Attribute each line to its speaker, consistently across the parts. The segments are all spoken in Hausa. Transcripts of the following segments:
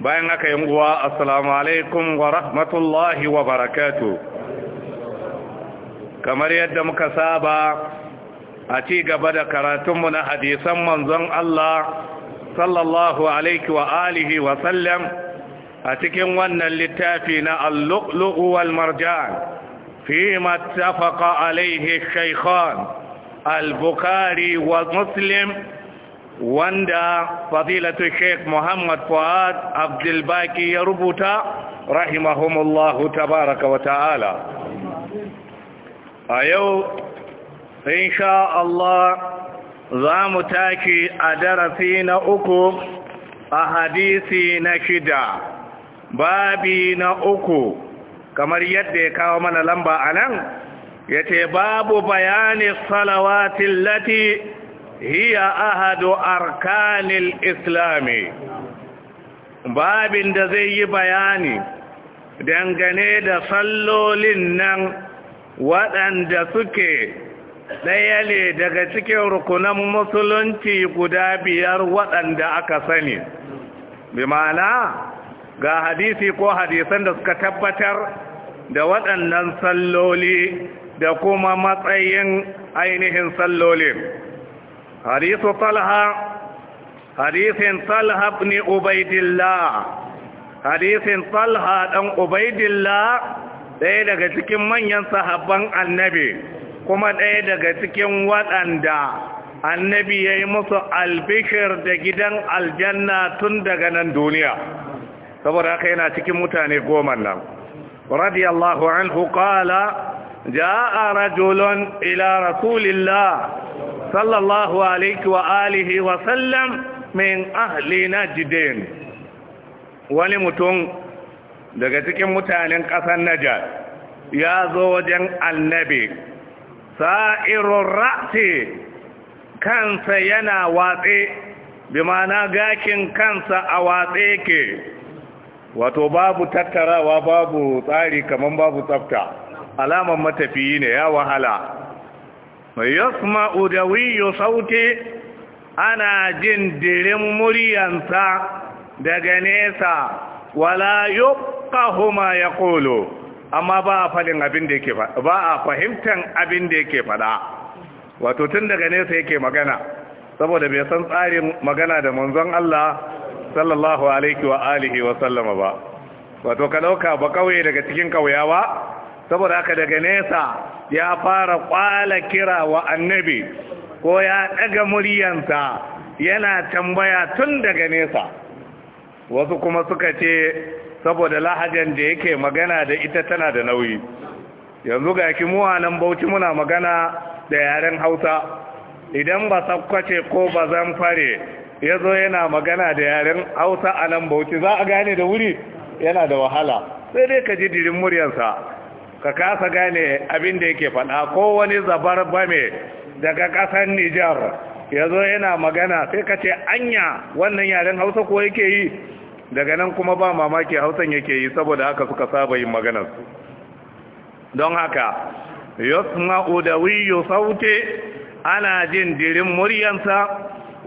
Speaker 1: bayan haka yin uwa assalamu alaikum wa rahmatullahi wa barakatu kamar yadda muka saba a ci gaba da karatunmu na hadisan manzon Allah sallallahu alaihi wa alihi wa sallam a cikin wannan littafi na al-lu'lu'u wal marjan fi ma tafaqa alaihi shaykhan al-bukhari wa muslim wanda fadilatu sheikh muhammad fuad abdulbaki ya rubuta rahimahumullahu tabaraka wa ta'ala a yau insha Allah za mu tashi a darasi na uku a hadisi na shida babi na uku kamar yadda ya kawo mana lamba a nan ya ce babu bayanin salawatin lati hiya ahadu arkanin islami babin da zai yi bayani dangane da sallolin nan waɗanda suke ɗaya daga cikin rukunin musulunci guda biyar waɗanda aka sani bi ma'ana ga hadisi ko hadisan da suka tabbatar da waɗannan salloli da kuma matsayin ainihin sallolin حديث طلحة حديث طلحة بن عبيد الله حديث طلحة بن عبيد الله ɗaya daga cikin manyan sahabban annabi kuma ɗaya daga cikin waɗanda annabi ya yi musu albishir da gidan aljanna tun daga nan duniya saboda haka yana cikin mutane goma nan radiyallahu anhu qala ja'a rajulun ila rasulillah sallallahu alaihi wa alihi wa sallam min ahli najdin wani mutum daga cikin mutanen ƙasar najar ya zo wajen annabi sa'irun ra'ti kansa yana watse bi ma'ana gakin kansa a watse ke wato babu tattarawa babu tsari kamar babu tsafta alaman matafiyi ne ya wahala yasma'u udawi sauti ana jin dirin muryansa daga nesa wala yuqahu ma yaqulu amma ba a falin abin da yake ba a fahimtan abin da yake fada wato tun daga nesa yake magana saboda bai san tsarin magana da manzon Allah sallallahu alaihi wa alihi wa sallama ba wato ka dauka ba kauye daga cikin kauyawa saboda haka daga nesa ya fara kwala kira wa annabi ko ya daga muryarsa, yana tambaya tun daga nesa wasu kuma suka ce saboda lahajan da yake magana da ita tana da nauyi yanzu ga ki nan bauchi muna magana da yaren hausa idan ba sakwace ko ba zan fare ya zo yana magana da yaren hausa a nan bauchi za a gane da wuri yana da wahala sai dai ka ji dirin muryarsa ka kasa gane abin da yake faɗa ko wani zabar bame daga ƙasar Nijar ya zo yana magana sai ka ce anya wannan yaren hausa ko yake yi daga nan kuma ba mamaki hausan yake yi saboda haka suka saba yin maganar. don haka yusma'u da wiyu sauti ana jin dirin muryansa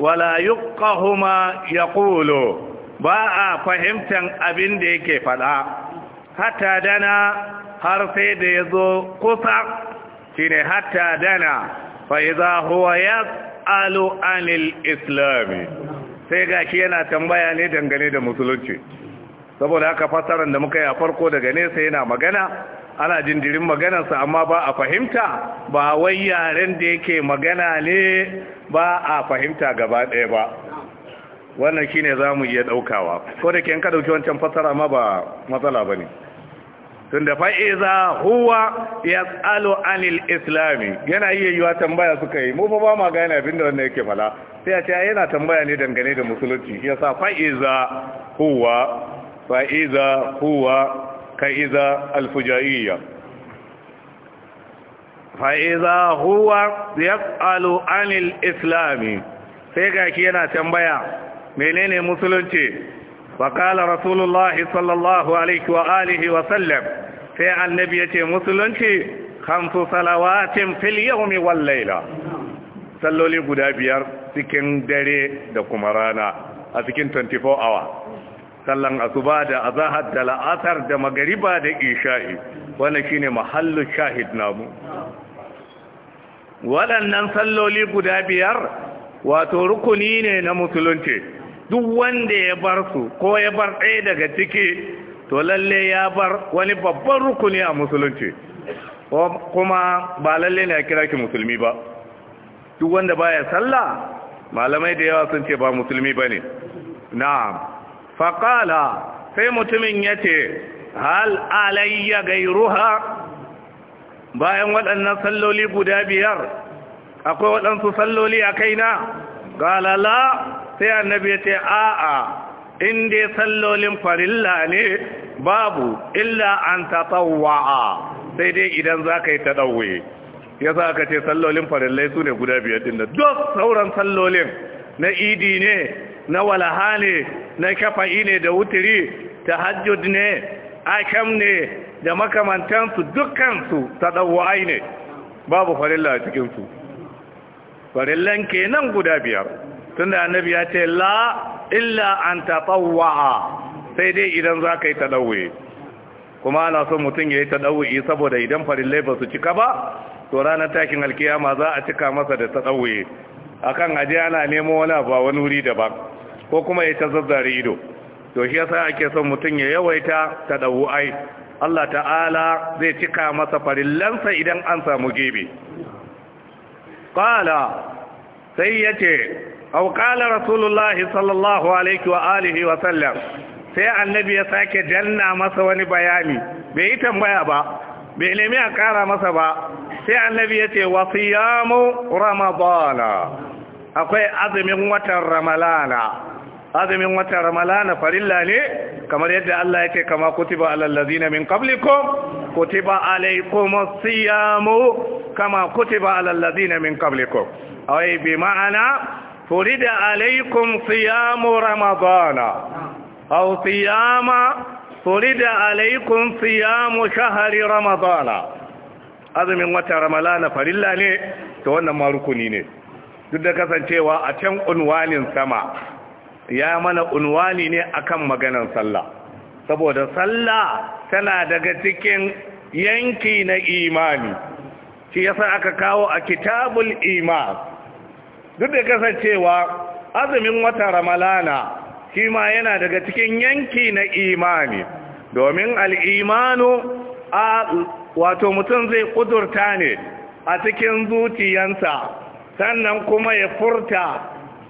Speaker 1: wala yuqahuma yaqulu ba a fahimtan abin da yake faɗa hatta dana har sai da ya zo kusa shi ne hatta dana fa'iza huwa ya tsalo anil islami sai ga shi yana tambaya ne dangane da musulunci saboda haka fasarar da muka yi a farko daga nesa yana magana ana jindirin maganarsa amma ba a fahimta ba wai yaren da yake magana ne ba a fahimta gaba ɗaya ba wannan shine za mu iya ɗaukawa ko da ke ka ɗauki wancan fasara ma ba matsala ba ne tunda fa'iza huwa ya tsalo anil islami yana iya yiwa tambaya suka yi mu ba ma gane abin da wannan yake fala sai a ce yana tambaya ne dangane da musulunci ya sa fa'iza huwa fa'iza huwa ka'iza alfujaiya fa'iza huwa ya tsalo anil islami sai ga shi yana tambaya menene musulunci فقال رسول الله صلى الله عليه وآله وسلم sai annabi ya ce musulunci kamsu salawatin fil yawmi wal laila salloli guda biyar cikin dare da kuma rana a cikin 24 hour sallan asuba da azahar da la'asar da magariba da isha'i wannan shine mahallu shahid namu waɗannan salloli guda biyar wato rukuni ne na musulunci duk wanda ya bar su ko ya bar ɗaya daga ciki to lalle ya bar wani babban rukuni a musulunci kuma ba lalle ne a kira ki musulmi ba duk wanda baya sallah malamai da yawa sun ce ba musulmi bane na'am faqala sai mutumin ya ce hal alayya gairuha bayan waɗannan salloli guda biyar akwai waɗansu salloli a kaina kalala sai annabi ya ce a'a inda sallolin farilla ne babu illa an tatawwa'a sai dai idan za ka yi taɗauwe ya za ka ce sallolin farillai su ne guda biyar din da duk sauran sallolin na idi ne na walaha ne na kafa'i ne da wutiri ta hajjud ne akam ne da makamantansu dukansu taɗauwa'ai ne babu farilla a cikinsu farillan kenan guda biyar tunda annabi ya ce la illa an taɗauwa'a sai dai idan za ka yi taɗauwe kuma ana son mutum ya yi taɗauwe saboda idan farillai ba su cika ba to ranar takin alkiyama za a cika masa da taɗauwe a kan ajiye ana nemo wani ba wani wuri daban ko kuma ya ta zazzare ido to shi yasa ake son mutum ya yawaita ai, Allah ta'ala zai cika masa farillansa idan an samu gebe sai ya ce auƙalar rasulullahi sallallahu alaihi wa alihi wa sallam sai annabi ya sake danna masa wani bayani bai yi tambaya ba bai nemi a kara masa ba sai annabi ya ce wasu yamu ramadana akwai azumin watan ramalana azumin watan ramalana farilla ne kamar yadda Allah ya ce kama kutiba na min qablikum kutiba alaykumus siyamu kama kutiba na min qablikum ay bi ma'ana furida alaykum siyamu ramadana صيام siyama furida alaikum siyamu رمضان ramadana azumin wata ramalana farilla ne تو wannan ma ne duk da kasancewa a can unwalin sama ya mana unwali ne akan maganar sallah saboda sallah tana daga cikin yanki na imani shi yasa aka kawo a kitabul iman duk da kasancewa azumin wata ramalana shi yana daga cikin yanki na imani domin al'imanu a wato mutum zai kudurta ne a cikin zuciyansa sannan kuma ya furta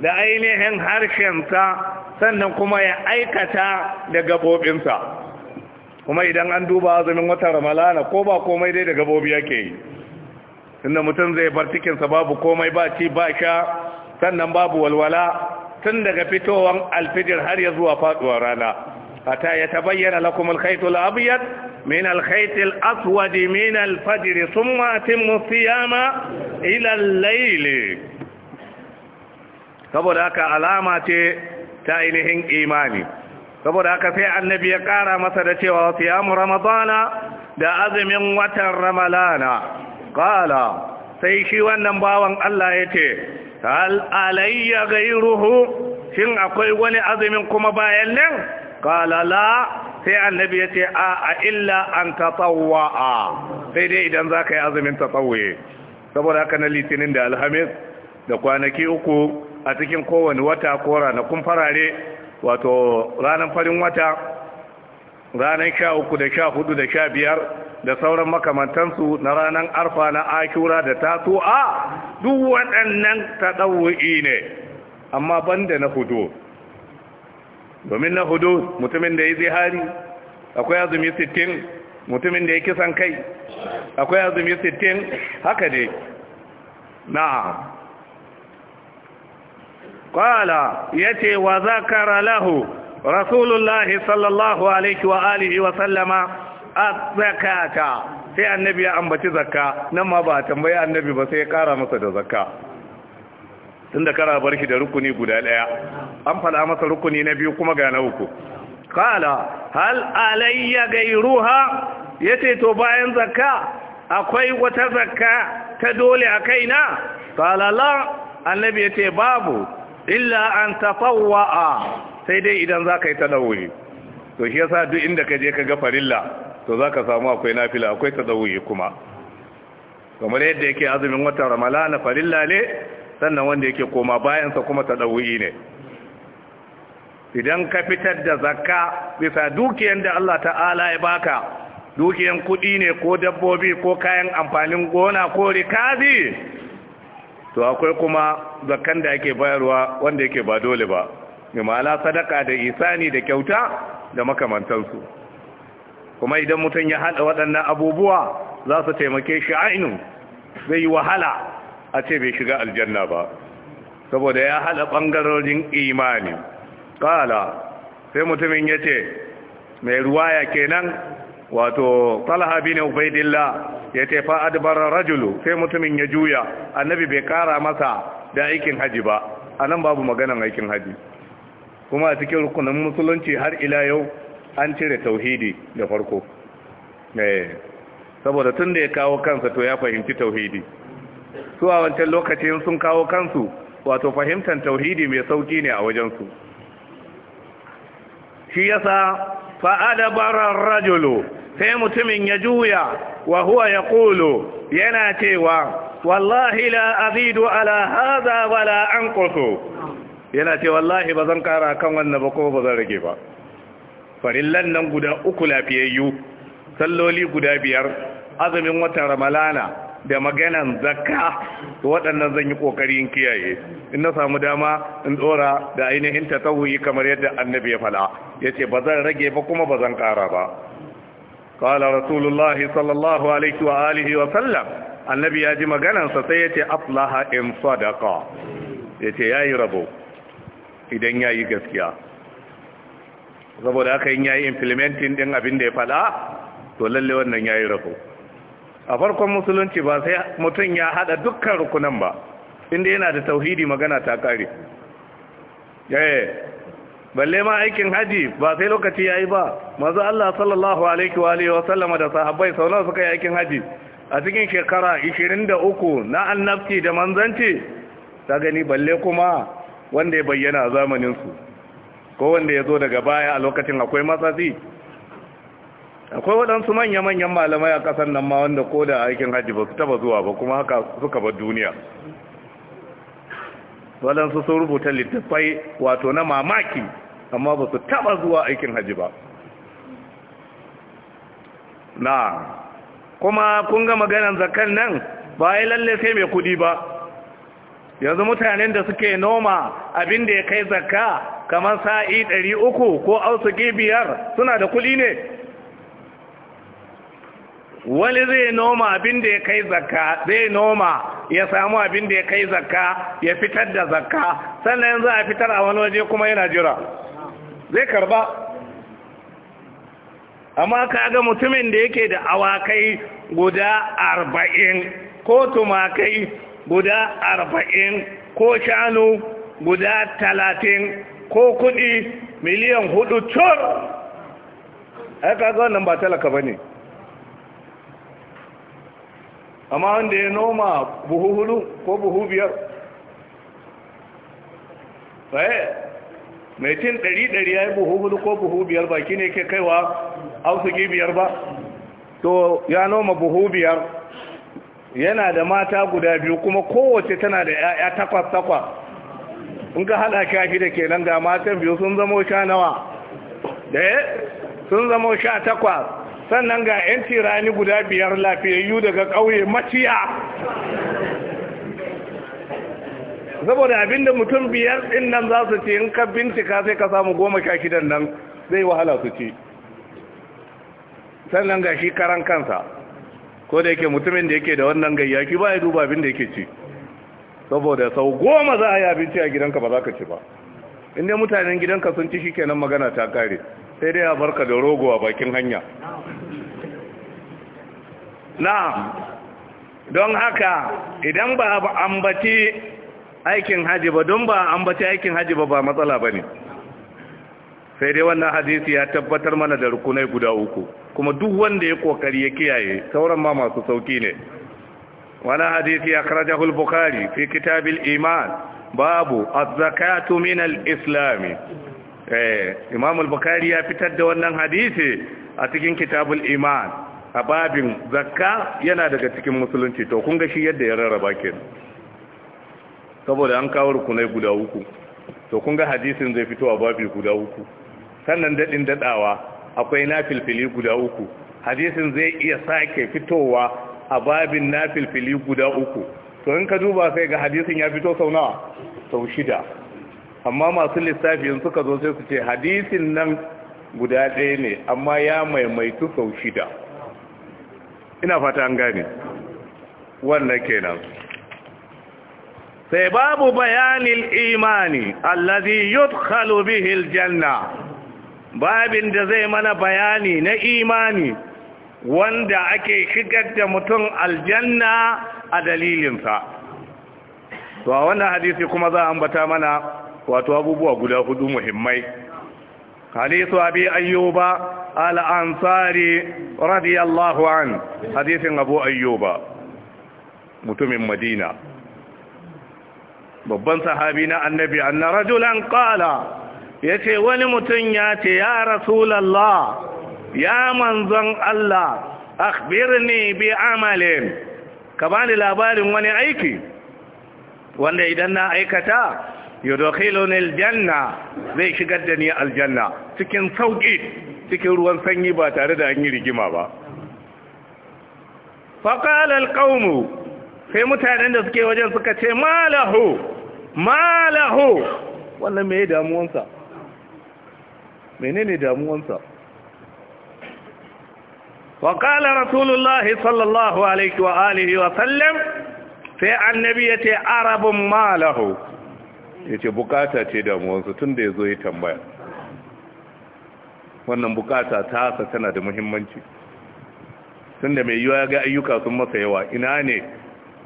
Speaker 1: da ainihin harshensa sannan kuma ya aikata da gabobinsa kuma idan an duba azumin wata ramalana ko ba komai dai da gabobi yake yi inda mutum zai bar cikinsa babu komai ba ci ba sha sannan babu walwala tun daga fitowar alfijir har ya zuwa faduwar rana Hata ya bayyana lakum al abyad min al-khayt al-aswad min al-fajr thumma atimmu siyama ila al-layl saboda haka alama ce ta ainihin imani saboda haka sai annabi ya kara masa da cewa siyamu ramadana da azumin watan ramalana qala sai shi wannan bawan Allah yace hal alayya ghayruhu shin akwai wani azumin kuma bayan nan qala la sai annabi ce a a illa an tatawwa sai dai idan zaka yi azumin tatawwe saboda haka na litinin da alhamis da kwanaki uku a cikin kowane wata ko ranakun farare wato ranar farin wata ranar sha uku da sha hudu da sha biyar da sauran makamantansu na ranar arfa na akura da a duk waɗannan taɗawu'i ne amma ban da na hudu domin na hudu mutumin da ya hari, akwai azumi sittin, mutumin da ya kisan kai akwai azumi sittin, haka na kwala ya ce wa zakara lahu rasulullahi sallallahu alaihi wa alihi wa sallama zakata sai annabi ya ambaci zakka nan ma ba tambaye annabi ba sai ya kara masa da zakka tunda kara barki da rukuni guda daya an fada masa rukuni na biyu kuma ga na uku qala hal alayya Ya yace to bayan zakka akwai wata zakka ta dole a kaina qala la annabi yace babu illa an tatawwa sai dai idan zaka yi tadawuri to shi yasa duk inda ka je ka ga farilla to za ka samu akwai nafila akwai ta zauyi kuma kamar yadda yake azumin watan ramalana farilla ne sannan wanda yake koma bayansa kuma ta zauyi ne idan ka fitar da zakka bisa dukiyan da Allah ta'ala ya baka dukiyan kudi ne ko dabbobi ko kayan amfanin gona ko rikazi to akwai kuma zakkan da ake bayarwa wanda yake ba dole ba ma'ala sadaka da isani da kyauta da makamantansu kuma idan mutum ya haɗa waɗannan abubuwa za su taimake shi ainu zai yi wahala a ce bai shiga aljanna ba saboda ya haɗa ɓangarorin imani ƙala sai mutumin ya ce mai ruwaya nan wato talha bin ubaidillah ya ce fa’ad barar rajulu sai mutumin ya juya annabi bai ƙara masa da aikin haji ba A nan babu maganan aikin haji kuma a cikin rukunin musulunci har ila yau an cire tauhidi da farko eh, saboda tun da ya kawo kansa to ya fahimci tauhidi su a wancan lokacin sun kawo kansu wato fahimtar tauhidi mai sauki ne a wajensu shi yasa fa'adabarar rajulu sai mutumin ya juya wa huwa ya yana cewa wallahi la azidu ala haza wala an yana ce wallahi ba zan kara kan wannan ba ko ba zan rage ba farillan nan guda uku lafiyayyu salloli guda biyar azumin watan ramalana da maganan zakka waɗannan zan yi ƙoƙari in kiyaye in na samu dama in ɗora da ainihin ta tawuyi kamar yadda annabi ya fada ya ce ba zan rage ba kuma ba zan ƙara ba ƙala rasulullah sallallahu alaihi wa alihi wa sallam annabi ya ji maganansa sai ya ce aflaha in sadaka ya ce ya yi rabo idan ya yi gaskiya saboda haka yin yayi implementing din abin da ya fada to lalle wannan yayi rabo a farkon musulunci ba sai mutum ya hada dukkan rukunan ba inda yana da tauhidi magana ta kare eh balle ma aikin haji ba sai lokaci yayi ba manzo Allah sallallahu alaihi wa alihi wa sallama da sahabbai sau nawa suka yi aikin haji a cikin shekara 23 na annabci da manzanci ta gani balle kuma wanda ya bayyana a zamaninsu ko wanda ya zo daga baya a lokacin akwai matsatsi akwai waɗansu manya-manyan malamai a ƙasar nan ma wanda ko da aikin hajji ba su taba zuwa ba kuma haka suka bar duniya waɗansu sun rubuta littattafai wato na mamaki amma ba su taba zuwa aikin hajji ba na kuma kun ga maganan zakan nan ba ya lalle sai mai kudi ba yanzu mutanen da suke noma abin da ya kai zakka kamar sa'i ɗari uku ko ausuki biyar suna da kuɗi ne wani zai noma abin da ya kai zakka zai noma ya samu abin da ya kai zakka ya fitar da zakka sannan yanzu a fitar a wani waje kuma yana jira zai karba amma ka ga mutumin da yake da awakai guda arba'in ko tumakai guda arba'in ko shanu guda talatin ko kuɗi miliyan hudu cur ai kaga wannan ba talaka ba ne amma wanda ya noma buhu hudu ko buhu biyar mai cin ɗari ɗari ya yi buhu hudu ko buhu biyar ba ki ne ke kaiwa ausuki biyar ba to ya noma buhu biyar yana da mata guda biyu kuma kowace tana da 'ya'ya takwas takwas in ka hada da ke kenan ga matan biyu sun zamo sha nawa ɗaya eh? sun zamo sha takwas sannan ga 'yan tirani guda biyar lafiyayyu daga ƙauye maciya saboda abinda mutum biyar ɗin nan za su ce in ka bincika sai ka samu goma sha shidan nan zai wahala su ce sannan ga shi karan kansa ko da yake mutumin da yake da wannan gayyaki ba ya duba abinda yake ci saboda sau goma za a yi abinci a gidanka ba za ka ci ba inda mutanen gidanka sun ci shikenan magana ta kare sai dai a barka da rogo a bakin hanya na'am don haka idan ba ambaci aikin haji ba don ba ambaci aikin haji ba ba matsala ba ne sai dai wannan hadisi ya tabbatar mana da rukunai guda uku kuma duk wanda ya kokari ya kiyaye sauran ma masu sauki ne wani hadisi ya karajahu al-bukhari fi kitab al-iman babu az-zakatu min eh, imam bukhari ya fitar da wannan hadisi a cikin kitab iman a babin zakka yana daga cikin musulunci to kun ga shi yadda ya rarraba ke. saboda an kawo rukunai guda uku to kun ga hadisin zai fito a babin guda uku sannan dadin dadawa akwai na filfili guda uku hadisin zai iya sake fitowa a babin nafilfili guda uku to in ka duba sai ga hadisin ya fito sau nawa sau shida amma masu lissafi in suka zo sai su ce hadisin nan guda ɗaya ne amma ya maimaitu sau shida ina fata an gane wannan kenan sai babu bayanin imani allazi yudkhalu bihi aljanna babin da zai mana bayani na imani wanda ake shigar da mutum aljanna a dalilinsa to a wannan hadisi kuma za a ambata mana wato abubuwa guda hudu muhimmai hadisu abi ayyuba al-ansari radiyallahu an hadisin abu ayyuba mutumin madina babban sahabi na annabi anna rajulan qala yace wani mutum ya ce ya rasulullah ya manzon Allah akhbirni bi amalin ka bani labarin wani aiki wanda idan na aikata yudkhiluni aljanna zai shigar da ni aljanna cikin sauki cikin ruwan sanyi ba tare da an yi rigima ba faqala alqawmu sai mutanen da suke wajen suka ce malahu malahu wannan me damuwansa menene damuwansa وقال رسول الله صلى الله عليه وآله وسلم في النبي عرب ما له yace bukata ce da muwansu tun da ya zo ya tambaya wannan bukata ta hasa tana da muhimmanci tun da mai yiwa ya ga ayyuka sun masa yawa ina ne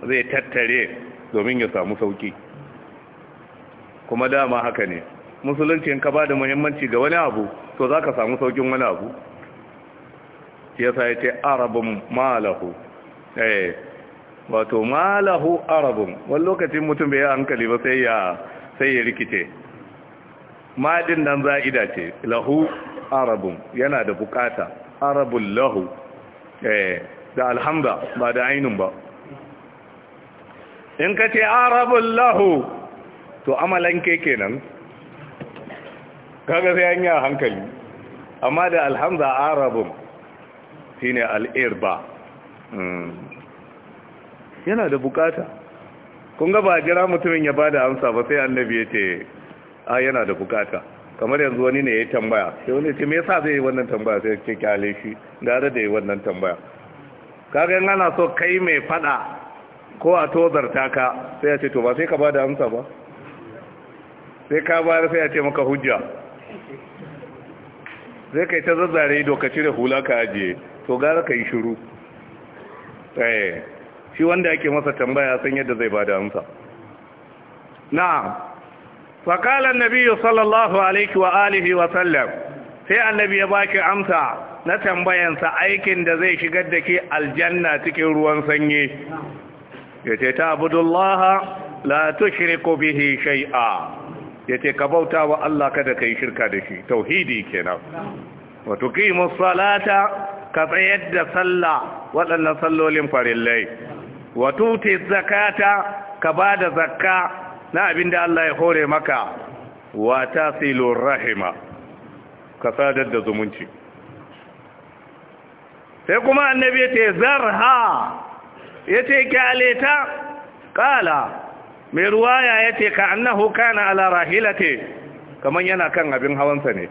Speaker 1: zai tattare domin ya samu sauki kuma dama haka ne musulunci ka ba da muhimmanci ga wani abu to za ka samu saukin wani abu yasa ya ce arabin malahu eh wato malahu arabin wani lokacin mutum bai yi hankali ba sai ya sai ya rikice maɗin nan za'ida ce lahu arabin yana da bukata arabin lahu eh da alhamda ba da ainihin ba in ka ce arabin lahu to amalan keke nan kaga sai an yi hankali amma da alhamda arabin shine al'irba hmm. yana da bukata kun ga ba jira mutumin ya bada amsa ba sai annabi ya ce a yana da bukata kamar yanzu wani ne ya tambaya sai wani ce me yasa zai yi wannan tambaya sai ce kyale shi da da yi wannan tambaya kaga yan ana so kai mai fada ko a tozarta ka sai ya ce to ba sai ka bada amsa ba sai ka bayar sai ya ce maka hujja zai kai ta zazzare ido da cire hula ka ajiye to gara ka yi shiru eh, shi wanda yake masa tambaya san yadda zai bada amsa na'am fa qala an sallallahu alaihi wa alihi wa sallam sai annabi ya baki amsa na tambayansa aikin da zai shigar da ke aljanna cikin ruwan sanyi yace ta abudullaha la tushriku shai'a? shay'a yace ka bauta wa Allah kada ka yi shirka da shi tauhidi kenan wa tuqimus salata ka tsayar da sallah waɗannan sallolin farillai wato te zakata ka ba da zakka na abin da Allah ya hore maka wa tasilu rahima ka sadar da zumunci sai kuma annabi ya ce zarha ya ce kyaleta ƙala mai ruwaya ya ce ka annahu kana ala rahilate kamar yana kan abin hawansa ne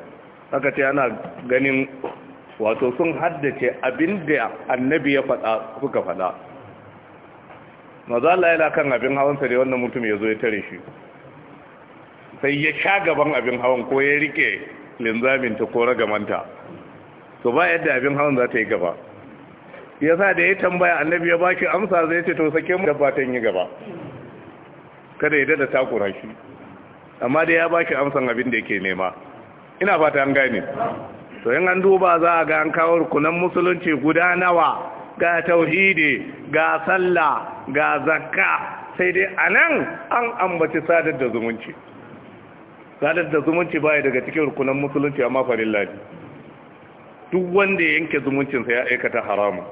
Speaker 1: aka ce ana ganin wato sun haddace abinda annabi ya faɗa suka faɗa maza Allah yana kan abin hawansa ne wannan mutum ya zo ya tare shi sai ya sha gaban abin hawan ko ya rike linzaminta ko ragamanta to ba yadda abin hawan za ta yi gaba ya sa da ya tambaya annabi ya ba shi amsa zai ce to sake mu dabbatan yi gaba kada ya dada takura shi amma da ya ba shi amsan abin da yake nema ina fata an gane to yin an duba za a ga an kawo rukunan musulunci guda nawa ga tauhidi ga sallah ga zakka sai dai a nan an ambaci sadar da zumunci sadar da zumunci baya daga cikin rukunan musulunci amma farin ladi duk wanda ya yanke zumuncinsa ya aikata haramu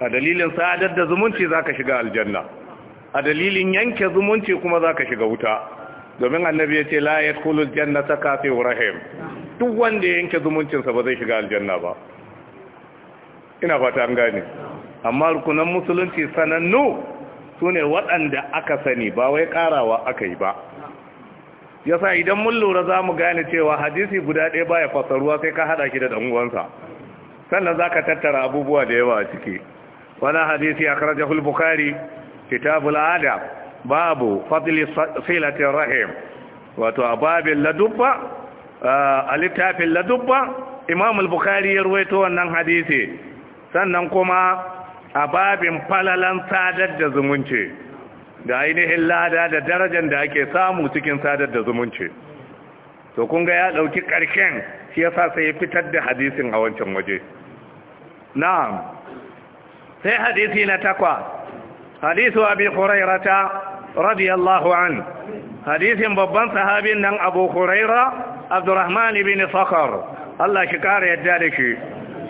Speaker 1: a dalilin sadar da zumunci za ka shiga aljanna a dalilin yanke zumunci kuma za ka shiga wuta domin annabi ya ce la ya Janna ta kafin rahim duk wanda ya yanke zumuncinsa ba zai shiga aljanna ba ina fata an gane amma rukunan musulunci sanannu su ne waɗanda aka sani ba wai ƙarawa aka yi ba yasa idan mun lura za mu gane cewa hadisi guda ɗaya ba ya fasaruwa sai ka haɗa shi da ɗan'uwansa sannan za ka tattara abubuwa da yawa a ciki wani hadisi a karajahul bukari kitabul ada babu fadli silatin rahim wato a babin ladubba a littafin ladubba imamul bukari bukhari ya ruwaito wannan hadisi sannan kuma a babin falalan sadar da zumunci da ainihin lada da darajar da ake samu cikin sadar da zumunci to kunga ya dauki karshen shi yasa sai ya fitar da hadisin a wancan waje na'am sai hadisi na takwa hadisu abi hurairata radiyallahu an hadisin babban sahabin nan abu huraira abdurrahman ibn Fakar. Allah ki kare yadda da shi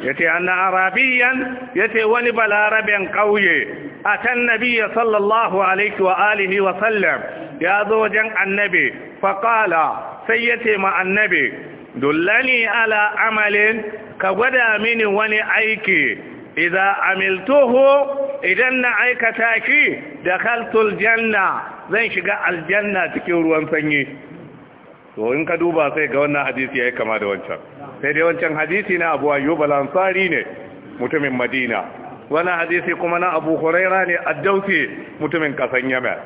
Speaker 1: yace anna arabiyan yace wani balaraben kauye atan nabiyya sallallahu alaihi wa alihi wa sallam ya zo wajen annabi faqala sai yace ma annabi dullani ala amalin ka gwada mini wani aiki idza amiltuhu idan na aikata shi dakhaltul janna zan shiga aljanna cikin ruwan sanyi to in ka duba sai ga wannan hadisi ya yayi kama da wancan sai dai wancan hadisi na Abu Ayyub al-Ansari ne mutumin Madina wannan hadisi kuma na Abu Huraira ne ad-Dawsi mutumin kasan Yaman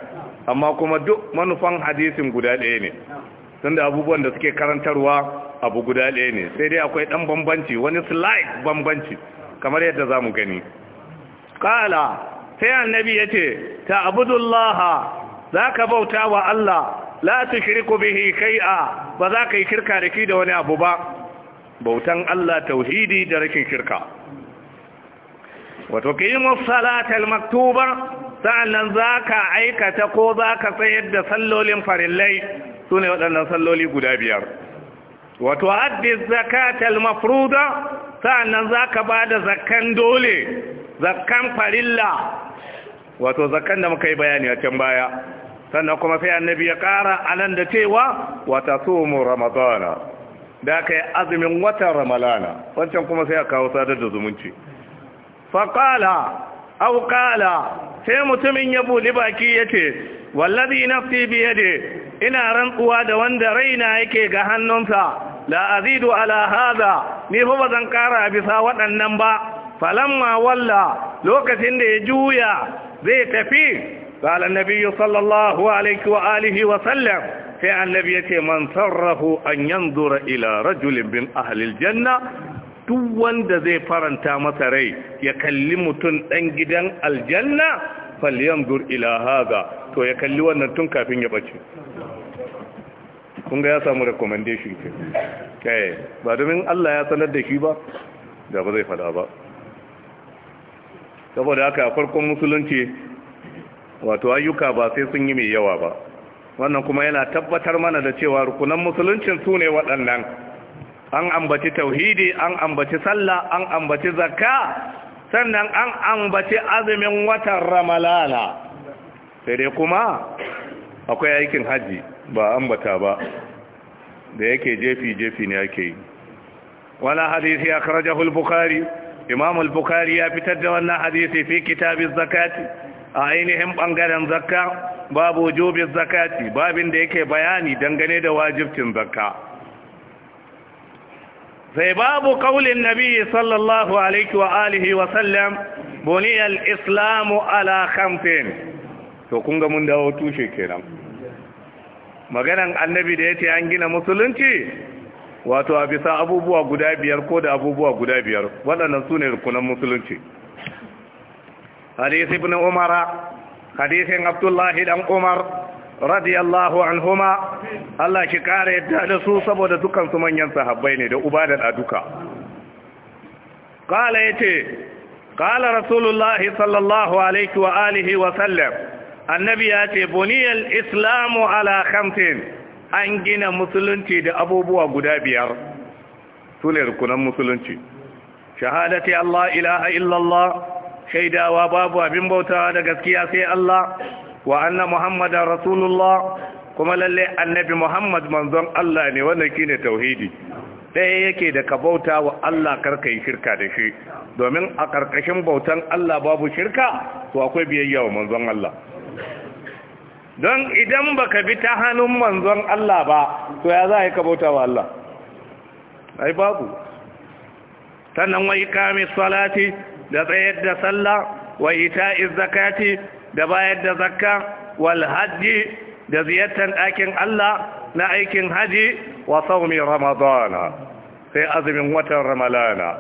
Speaker 1: amma kuma duk manufan hadisin guda ɗaya ne tunda abubuwan da suke karantarwa abu guda ɗaya ne sai dai akwai ɗan bambanci wani slide bambanci kamar yadda za mu gani ƙala sai annabi ya ce ta abudullaha za ka bauta wa Allah la tushriku bihi kai'a ba za ka yi shirka da shi da wani abu ba bautan Allah tauhidi da rashin shirka wato kiyimu salatal maktuba sa'annan zaka aikata ko zaka sayar da sallolin farillai sune waɗannan salloli guda biyar wato addi zakatal mafruda sa'annan zaka bada zakkan dole zakkan farilla wato zakkan da muka yi bayani a can baya sannan kuma sai annabi ya ƙara anan da cewa wata sumu ramadana da aka yi azumin watan ramalana wancan kuma sai a kawo sadar da zumunci faƙala auƙala sai mutumin ya buɗi baki ya ce wallazi nafsi biyade ina rantsuwa da wanda raina yake ga hannunsa la azidu ala hadha ni fa bazan kara bisa waɗannan ba falamma walla lokacin da ya juya zai tafi قال النبي صلى الله عليه وآله وسلم في النبي من سره أن ينظر إلى رجل من أهل الجنة duk wanda zai faranta masa rai ya kalli mutum ɗan gidan aljanna falyanzur ila haza to ya kalli wannan tun kafin ya bace kun ga ya samu recommendation ke kai ba domin Allah ya sanar da shi ba da ba zai fada ba saboda haka farkon musulunci wato ayyuka ba sai sun yi mai yawa ba wannan kuma yana tabbatar mana da cewa rukunan musuluncin su ne waɗannan an ambaci tauhidi an ambaci sallah an ambaci zakka sannan an ambaci azumin watan ramalana sai dai kuma akwai aikin hajji ba ambata ba da yake
Speaker 2: jefi-jefi ne yake yi
Speaker 1: wani hadisi ya karajahul bukari imamul bukari ya fitar da wannan hadisi fi kitabin zakati a ainihin bangaren zakka babu jubi zakati babin da yake bayani dangane da wajibcin zakka sai babu kaulin nabi sallallahu alaihi wa alihi wa sallam buniyal islamu ala khamsin to kun ga mun dawo tushe kenan maganan annabi da yace an gina musulunci wato a bisa abubuwa guda biyar ko da abubuwa guda biyar waɗannan sune rukunan musulunci Hadithi ibn Umar hadithiin Abdullahi dan Umar radiyallahu anhuma Allah shi kaara itti aadaa su saboda dukkansu manyaansa habayne da'uu baadala aduuka. Qaala yaache qaala rasuullullahi sallallahu alaihi wa alaihi wa sallam annabi annabiyaa tebbooniyyar ala alaakansin angina muslunci da abubuwa guda biyar. su Sunayyar kunan muslunci. Shahaadati Allaahi ilaha ila Allah. shaidawa babu abin bautawa da gaskiya sai Allah wa anna muhammadan rasulullah kuma lalle annabi muhammad manzon Allah ne wannan shine tauhidi ɗaya yake da ka bautawa wa Allah karka yi shirka da shi domin a ƙarƙashin bautan Allah babu shirka to akwai biyayya wa manzon Allah don idan baka bi ta hannun manzon Allah ba to ya za a yi ka bautawa wa Allah ai babu sannan wai kame salati da tsayar da sallah wa ita zakati da bayar da zakka walhaji da ziyartar ɗakin Allah na aikin haji wa saumi ramadana sai azumin watan ramalana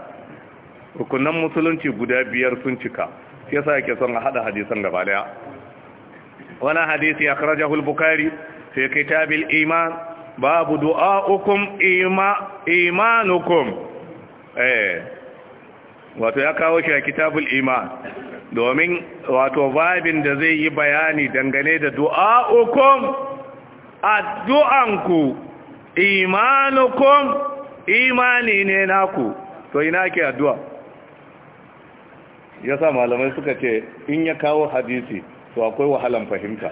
Speaker 1: Rukunin musulunci guda biyar sun cika sa ke son haɗa hadisan gaba ɗaya. wani hadisi ya karaja sai fi kitabil iman babu du'a'ukum imanukum eh wato ya kawo shi a kitabul iman domin wato babin da zai yi bayani dangane da du'a'ukum addu'anku imanukum imani ne naku to ina ke addu'a yasa malamai suka ce in ya kawo hadisi to akwai wahalan fahimta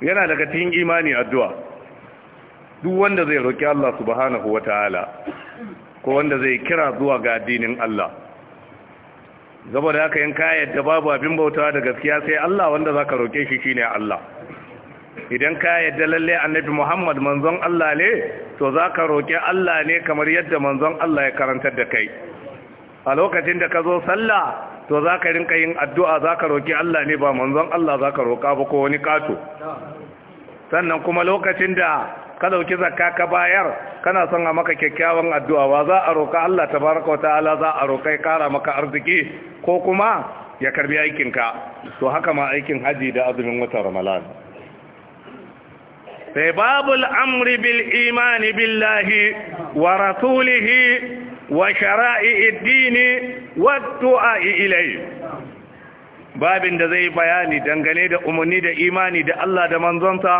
Speaker 1: yana daga cikin imani addu'a duk wanda zai roƙi Allah subhanahu wataala ko wanda zai kira zuwa ga addinin Allah saboda haka yin kayan da babu abin bauta da gaskiya sai Allah wanda za ka roƙe shi shine Allah idan ka yadda lalle annabi Muhammad manzon Allah ne to za ka roke Allah ne kamar yadda manzon Allah ya karantar da kai a lokacin da ka zo sallah to za ka rinka yin addu'a za ka roki Allah ne ba manzon Allah za ka roƙa ba ko wani kato sannan kuma lokacin da ka dauki zakka ka bayar kana son a maka kyakkyawan addu'a za a roƙa Allah tabaraka ta'ala za a roƙa ya ƙara maka arziki ko kuma ya karbi aikinka to haka ma aikin haji da azumin wata ramadan sai babul amri bil imani billahi wa rasulihi wa shara'i addini wa du'a'i ilayhi babin da zai bayani dangane da umarni da imani da Allah da manzonsa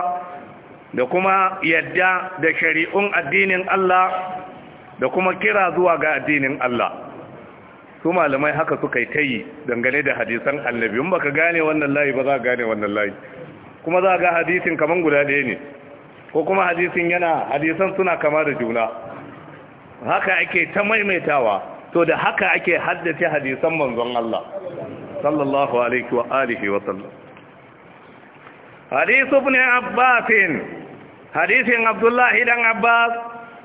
Speaker 1: da kuma yadda da shari'un addinin Allah da kuma kira zuwa ga addinin Allah su malamai haka suka yi ta yi dangane da hadisan annabi in baka gane wannan layi ba za ka gane wannan layi kuma za ga hadisin kaman guda ɗaya ne ko kuma hadisin yana hadisan suna kama da juna haka ake ta maimaitawa to da haka ake haddace hadisan manzon Allah sallallahu alaihi wa alihi wa sallam hadisu ibn abbasin hadisin abdullahi dan abbas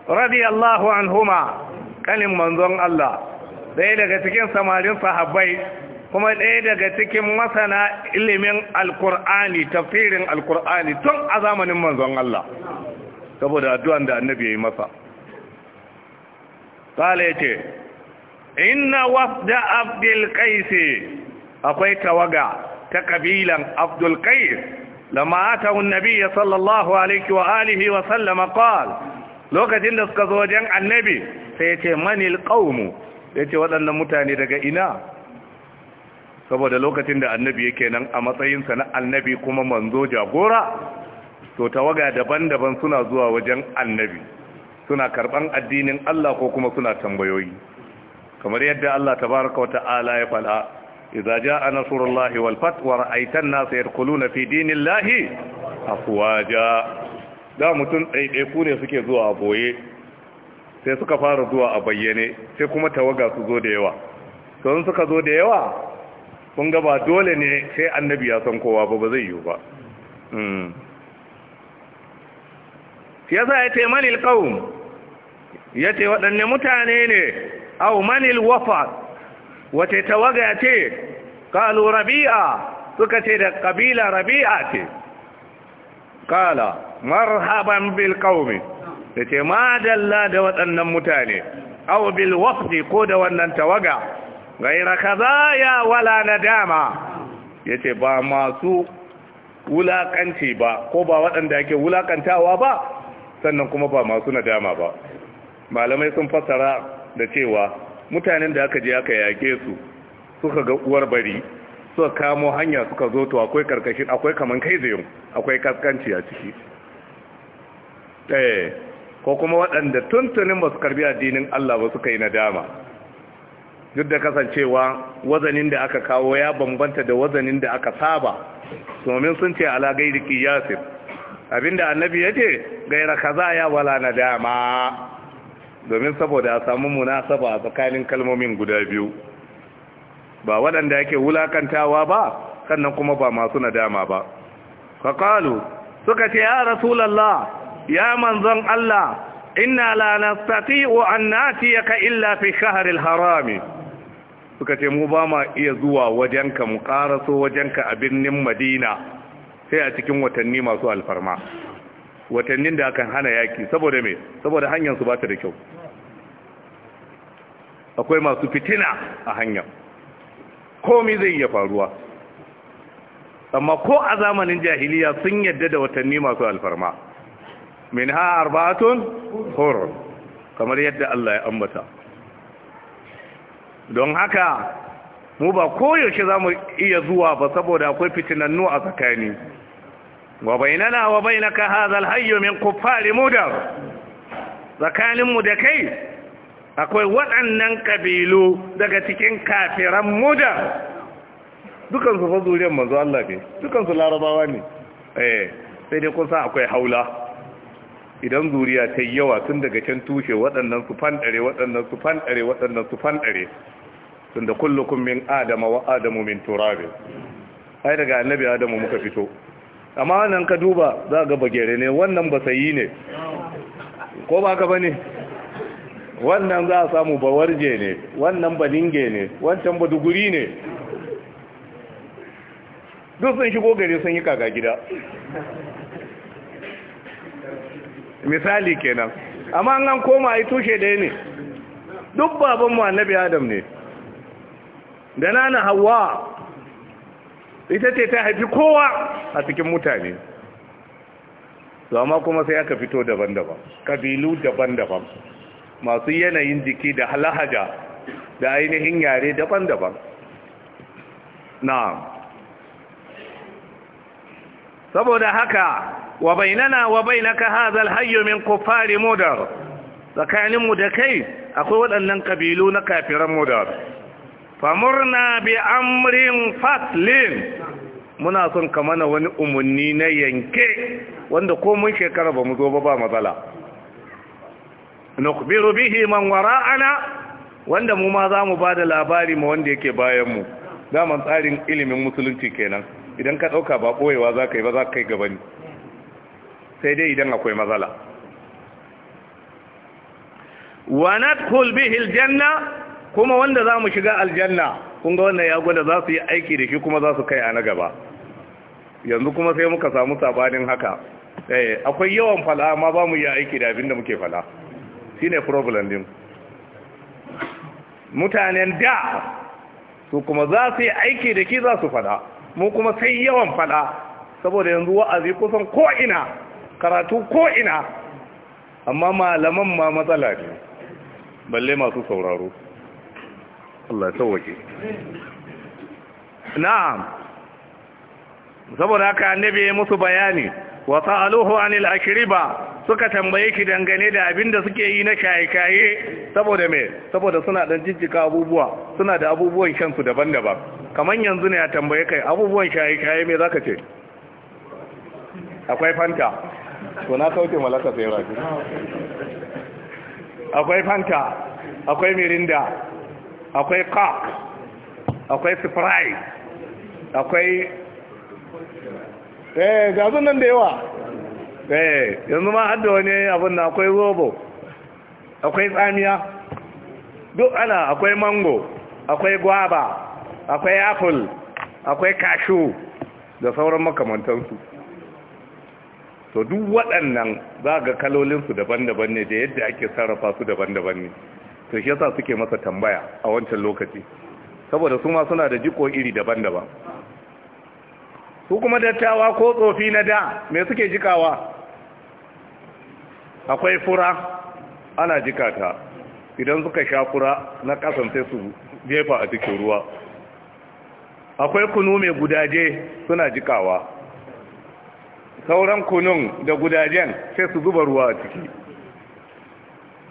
Speaker 1: radiyallahu anhuma kanin manzon Allah ɗaya daga cikin samarin sahabbai kuma ɗaya daga cikin masana ilimin alkur'ani tafsirin alqur'ani tun a zamanin manzon Allah saboda addu'an da annabi ya masa kala ya inna wafda abdul qais akwai tawaga ta kabilan abdul qais لما أتوا sallallahu صلى الله عليه wa وسلم قال lokacin da suka zo wajen annabi sai yace ce manil qawmu. ya ce waɗannan mutane daga ina saboda lokacin da annabi yake nan a matsayinsa na annabi kuma manzo jagora to tawaga daban-daban suna zuwa wajen annabi suna karɓan addinin Allah ko kuma suna tambayoyi kamar yadda Allah tabaraka wa ta'ala ya faɗa idza jaa nasrullahi wal fath wa ra'aita an-nasa yadkhuluna fi dinillahi da mutum ɗaiɗaiku ne suke zuwa a boye sai suka fara zuwa a bayyane sai kuma tawaga su zo da yawa don suka zo da yawa kun gaba dole ne sai annabi ya san kowa ba ba zai yiwu ba yasa ya ce manil qaum ya ce waɗanne mutane ne au manil wafat wace tawaga ce kalu rabi'a suka ce da kabila rabi'a ce kala marhaban bil qaumi tace ma dalla da waɗannan mutane aw bil wafdi ko da wannan tawaga gaira kazaya wala nadama yace ba masu wulakanci ba ko ba waɗanda ake wulakantawa ba sannan kuma ba masu nadama ba malamai sun fassara da cewa mutanen da aka je aka yake su suka ga uwar bari suka kamo hanya suka zo to akwai karkashin akwai kaman kai zai akwai kaskanci a ciki eh ko kuma waɗanda tuntunin ba su karbi addinin Allah ba suka yi nadama duk da kasancewa wazanin da aka kawo ya bambanta da wazanin da aka saba domin sun ce ala da kiyasin abinda annabi ya ce gaira kaza ya wala nadama domin saboda a samu munasaba a tsakanin kalmomin guda biyu ba waɗanda yake wulakantawa ba sannan kuma ba masu nadama ba faqalu suka ce ya rasulullah ya manzon Allah inna la nastati'u an natiyaka illa fi shahril harami suka ce mu ba ma iya zuwa wajenka mu ƙaraso wajenka a birnin Madina sai a cikin watanni masu alfarma watannin da akan hana yaki saboda me saboda hanyar su ba ta da kyau akwai masu fitina a hanya komai zai iya faruwa amma ko a zamanin jahiliya sun yadda da watanni masu alfarma min ha arba'atun hur kamar yadda Allah ya ambata don haka mu ba koyaushe za mu iya zuwa ba saboda akwai fitinannu a tsakani wa bainana wa bainaka hadha alhayy min kuffari mudar tsakaninmu da kai akwai waɗannan kabilu daga cikin kafiran mudar dukan su fa zuriyar manzo Allah ne dukan su larabawa ne eh sai dai kun sa akwai haula idan zuriya ta yi yawa tun daga can tushe waɗannan su fanɗare waɗannan su fanɗare waɗannan su fanɗare tun da kullukum min adama wa adamu min turabe. ai daga annabi adamu muka fito amma nan ka duba za ga bagere ne wannan ba sayi ne ko ba ka bane wannan za a samu bawarje ne wannan ba baninge ne wancan ba duguri ne duk sun shigo gari sun yi kaga gida misali kenan amma an koma a yi tushe ɗaya ne duk babanmu annabi adam ne da nana hawa ita ce ta haifi kowa a cikin mutane su amma kuma sai aka fito daban-daban kabilu daban-daban masu yanayin jiki da halahaja da ainihin yare daban-daban na saboda haka wa bainana wa bainaka hazal hayyu min kuffari mudar tsakaninmu da kai akwai waɗannan kabilu na kafiran mudar famurna bi amrin fatlin muna son ka mana wani umarni na yanke wanda ko mun shekara ba mu zo ba ba matsala nukbiru bihi man wara'ana wanda mu ma za mu ba da labari ma wanda yake bayan bayanmu mu tsarin ilimin musulunci kenan idan ka ɗauka ba ɓoyewa za ka yi ba za ka kai gaba ne sai dai idan akwai matsala nadkhul bihil janna kuma wanda za mu shiga aljanna kun ga wannan ya gwada za su yi aiki da shi kuma za su kai a na gaba yanzu kuma sai muka samu sabanin haka eh akwai yawan fala amma ba mu yi aiki da abin da muke fala shine problem din mutanen da su kuma za su yi aiki da ki za su fada mu kuma sai yawan faɗa, saboda yanzu wa'azi kusan ko ina karatu ko ina amma malaman ma matsala ne balle masu sauraro Allah ya sauwake na'am saboda haka annabi ya musu bayani wa sa'aluhu anil akriba suka tambaye ki dangane da abin da suke yi na shaye-shaye saboda me saboda suna dan jijjika abubuwa suna da abubuwan shansu daban-daban kamar yanzu ne ya tambaye kai abubuwan shaye-shaye me zaka ce akwai fanta to na sauke malaka sai rafi akwai fanta akwai mirinda akwai cock akwai surprise akwai eh ga nan da yawa eh yanzu ma hadda wani abin da akwai robo akwai tsamiya duk ana akwai mango akwai guava akwai apple akwai cashew da sauran makamantansu to duk waɗannan za ga kalolinsu daban-daban ne da yadda ake sarrafa su daban-daban ne to shi yasa suke masa tambaya a wancan lokaci saboda su ma suna da jiko iri daban-daban su kuma dattawa ko tsofi na da me suke jikawa akwai fura ana jikata idan suka sha fura na kasan sai su jefa a cikin ruwa akwai kunu mai gudaje suna jikawa sauran kunun da gudajen sai su zuba ruwa a ciki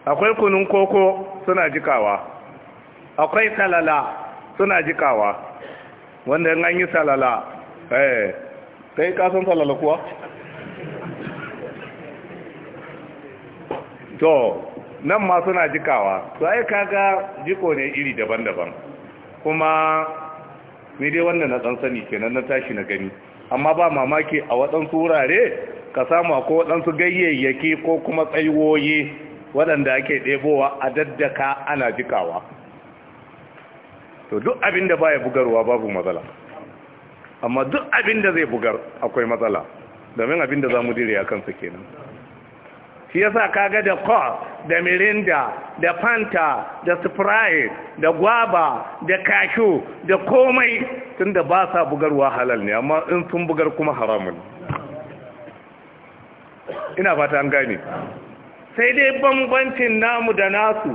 Speaker 1: akwai kunun koko suna jikawa akwai salala suna jikawa wanda in an yi salala eh kai kasan salala kuwa to nan ma suna jikawa to ai kaga jiko ne iri daban-daban kuma ni dai wannan na tsansani sani kenan na tashi na gani amma ba mamaki a waɗansu wurare ka samu akwai waɗansu gayyayyaki ko kuma tsayoyi. waɗanda ake ɗebowa a daddaka ana jikawa to duk abin da baya bugarwa babu matsala amma duk abin da zai bugar akwai matsala domin abin da za mu dire a kansu kenan shi yasa kaga da coke da mirinda da fanta da sprite da guava da cashew da komai tunda ba sa bugarwa halal ne amma in sun bugar kuma haramun ina fata an gane sai dai bambancin namu da nasu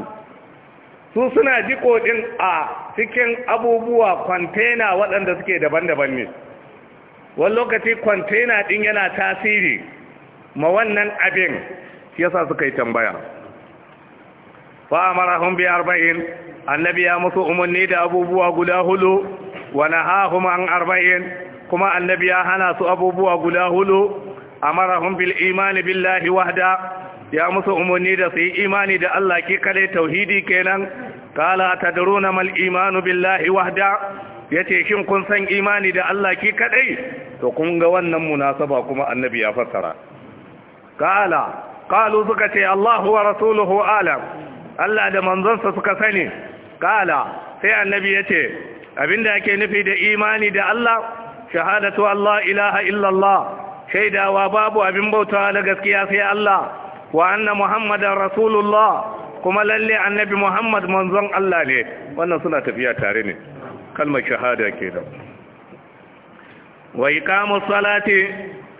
Speaker 1: su suna ji ɗin a cikin abubuwa kwantena waɗanda suke daban-daban ne wani lokaci kwantena ɗin yana tasiri ma wannan abin yasa suka yi tambaya fa amarahum bi arba'in annabi ya musu umarni da abubuwa guda hulu wa nahahum an arba'in kuma annabi ya hana su abubuwa guda hulu amarahum bil imani billahi wahda ya musu umarni da su yi imani da Allah ke kare tauhidi kenan kala ta daruna mal imanu billahi wahda ya ce shi kun san imani da Allah ke kadai to kun ga wannan munasaba kuma annabi ya fassara kala kalu suka ce Allahu wa rasuluhu alam Allah da manzonsa suka sani kala sai annabi ya ce abinda yake nufi da imani da Allah shahadatu Allah ilaha illallah shaidawa babu abin bautawa na gaskiya sai Allah wa anna muhammadan rasulullah kuma lalle annabi muhammad manzon Allah ne wannan suna tafiya tare ne kalmar shahada kenan wa iqamus salati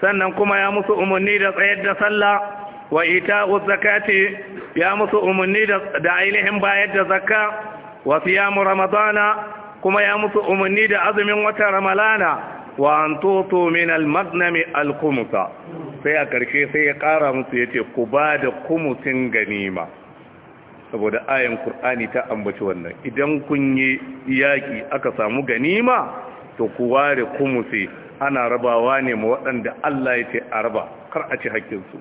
Speaker 1: sannan kuma ya musu umarni da tsayar da sallah wa ita'uz zakati ya musu umarni da ainihin bayar da zakka wa siyamu ramadana kuma ya musu umarni da azumin watan ramalana wa an min al-maghnami al-khumsa sai a ƙarshe sai ya ƙara musu ya ce ku ba da kumusin ganima saboda ayan ƙur'ani ta ambaci wannan idan kun yi yaƙi aka samu ganima to ku ware kumusi ana rabawa ne ma waɗanda Allah ya ce a raba kar a ci haƙƙinsu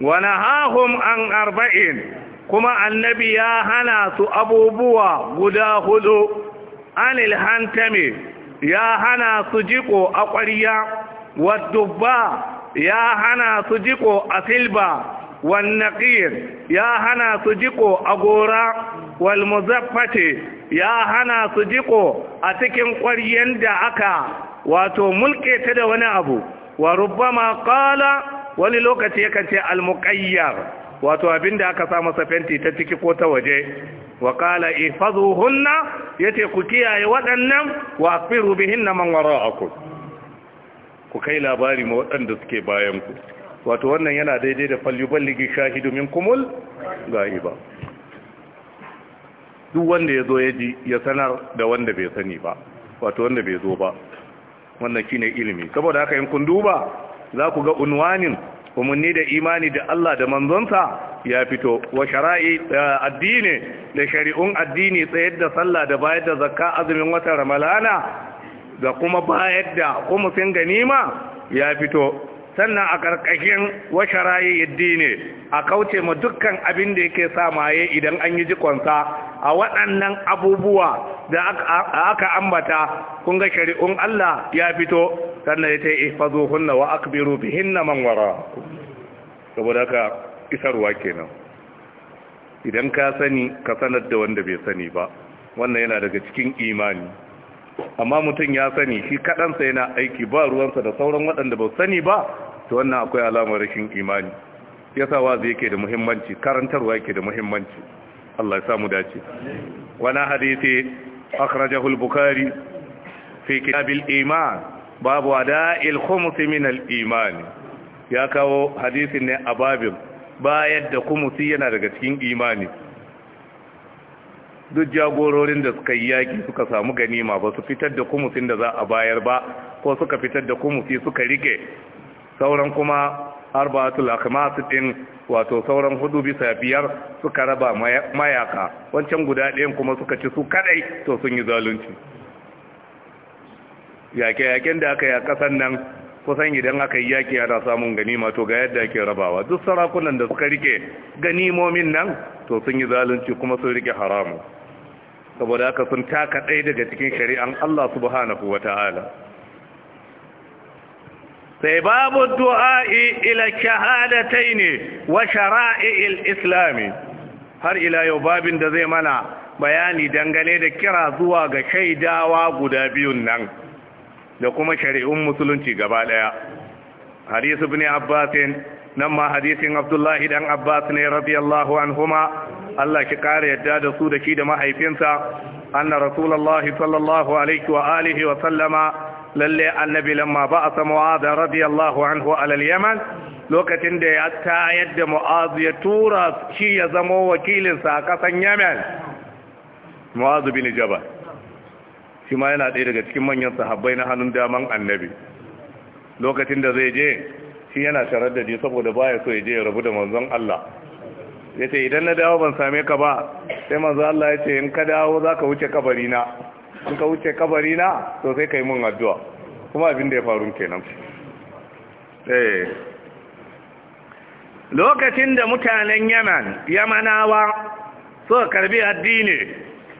Speaker 1: wani hahun an arba'in kuma annabi ya hana su abubuwa guda hudu anil hantame ya hana su jiko a ƙwariya wadubba ya hana su jiko a silba wannaqir ya hana su jiko a gora walmuzaffati ya hana su jiko a cikin ƙwaryen da aka wato mulke ta da wani abu wa ma qala wani lokaci yakan ce almuƙayyar wato abinda aka sa masa fenti ta ciki ko ta waje wa hunna ifazuhunna yace ku kiyaye waɗannan wa hinna bihinna man wara'akum ku kai labari ma waɗanda suke bayan ku wato wannan yana daidai da falyuballigi shahidu min kumul ga'iba duk wanda ya zo ya ji ya sanar da wanda bai sani ba wato wanda bai zo ba wannan shine ilimi saboda haka in kun duba za ku ga unwanin umarni da imani da Allah da manzonsa ya fito wa shara'i eh, addini da shari'un addini tsayar da sallah da bayar da zakka azumin watan ramalana ga kuma bayar da kumufin ganima ya fito sannan a ƙarƙashin washarayi iddini a kauce ma dukkan abin da yake sa maye idan an yi jikonsa a waɗannan abubuwa da aka ambata kun ga shari'un Allah ya fito sannan ya yi fazo hunna wa akbiru bihinna man wara saboda ka isarwa kenan idan ka sani ka sanar da wanda bai sani ba wannan yana daga cikin imani amma mutum ya sani shi kaɗansa yana aiki ba ruwansa da sauran waɗanda ba sani ba to wannan akwai alamar rashin imani yasa wazi yake da muhimmanci karantarwa yake da muhimmanci Allah ya samu dace wani hadisi akhrajahu al-bukhari fi kitab al-iman babu ada'il khums min al-iman ya kawo hadisin ne a babin bayar da kumusi yana daga cikin imani duk jagororin da suka yi yaƙi suka samu ganima ba su fitar da kumusin da za a bayar ba ko suka fitar da kumusi suka rike sauran kuma arba'atul akhmas din wato sauran hudu bisa biyar suka raba mayaka wancan guda ɗayan kuma suka ci su kadai to sun yi zalunci yaƙe yaken da aka yi a ƙasar nan kusan idan aka yi yaƙi ana samun ganima to ga yadda ake rabawa duk sarakunan da suka rike ganimomin nan to sun yi zalunci kuma sun rike haramu saboda haka sun taka ɗaya daga cikin shari'an Allah subhanahu wa ta'ala sai babu du'a'i ila shahadatai ne wa shara'i'il islami har ila yau babin da zai mana bayani dangane da kira zuwa ga shaidawa guda biyun nan da kuma shari'un musulunci gaba ɗaya hadisu bin abbasin nan ma hadisin abdullahi dan abbas ne radiyallahu anhuma Allah ki kare yadda da su da shi da mahaifinsa anna rasulullahi sallallahu alaihi wa alihi wa sallama lalle annabi lamma ba'atha mu'adh radiyallahu anhu ala al-yaman lokacin da ya tayar da mu'adh ya tura shi ya zamo wakilin sa a kasan yaman mu'adh bin jabal shi ma yana ɗaya daga cikin manyan sahabbai na hannun daman annabi lokacin da zai je shi yana taraddadi saboda baya so ya je ya rabu da manzon Allah ya ce idan na dawo ban same ka ba sai manzon Allah ya ce in ka dawo za ka wuce kabarina in ka wuce kabarina to sai ka yi mun addu'a kuma abin da ya faru kenan eh. lokacin da mutanen yaman yamanawa suka karbi addini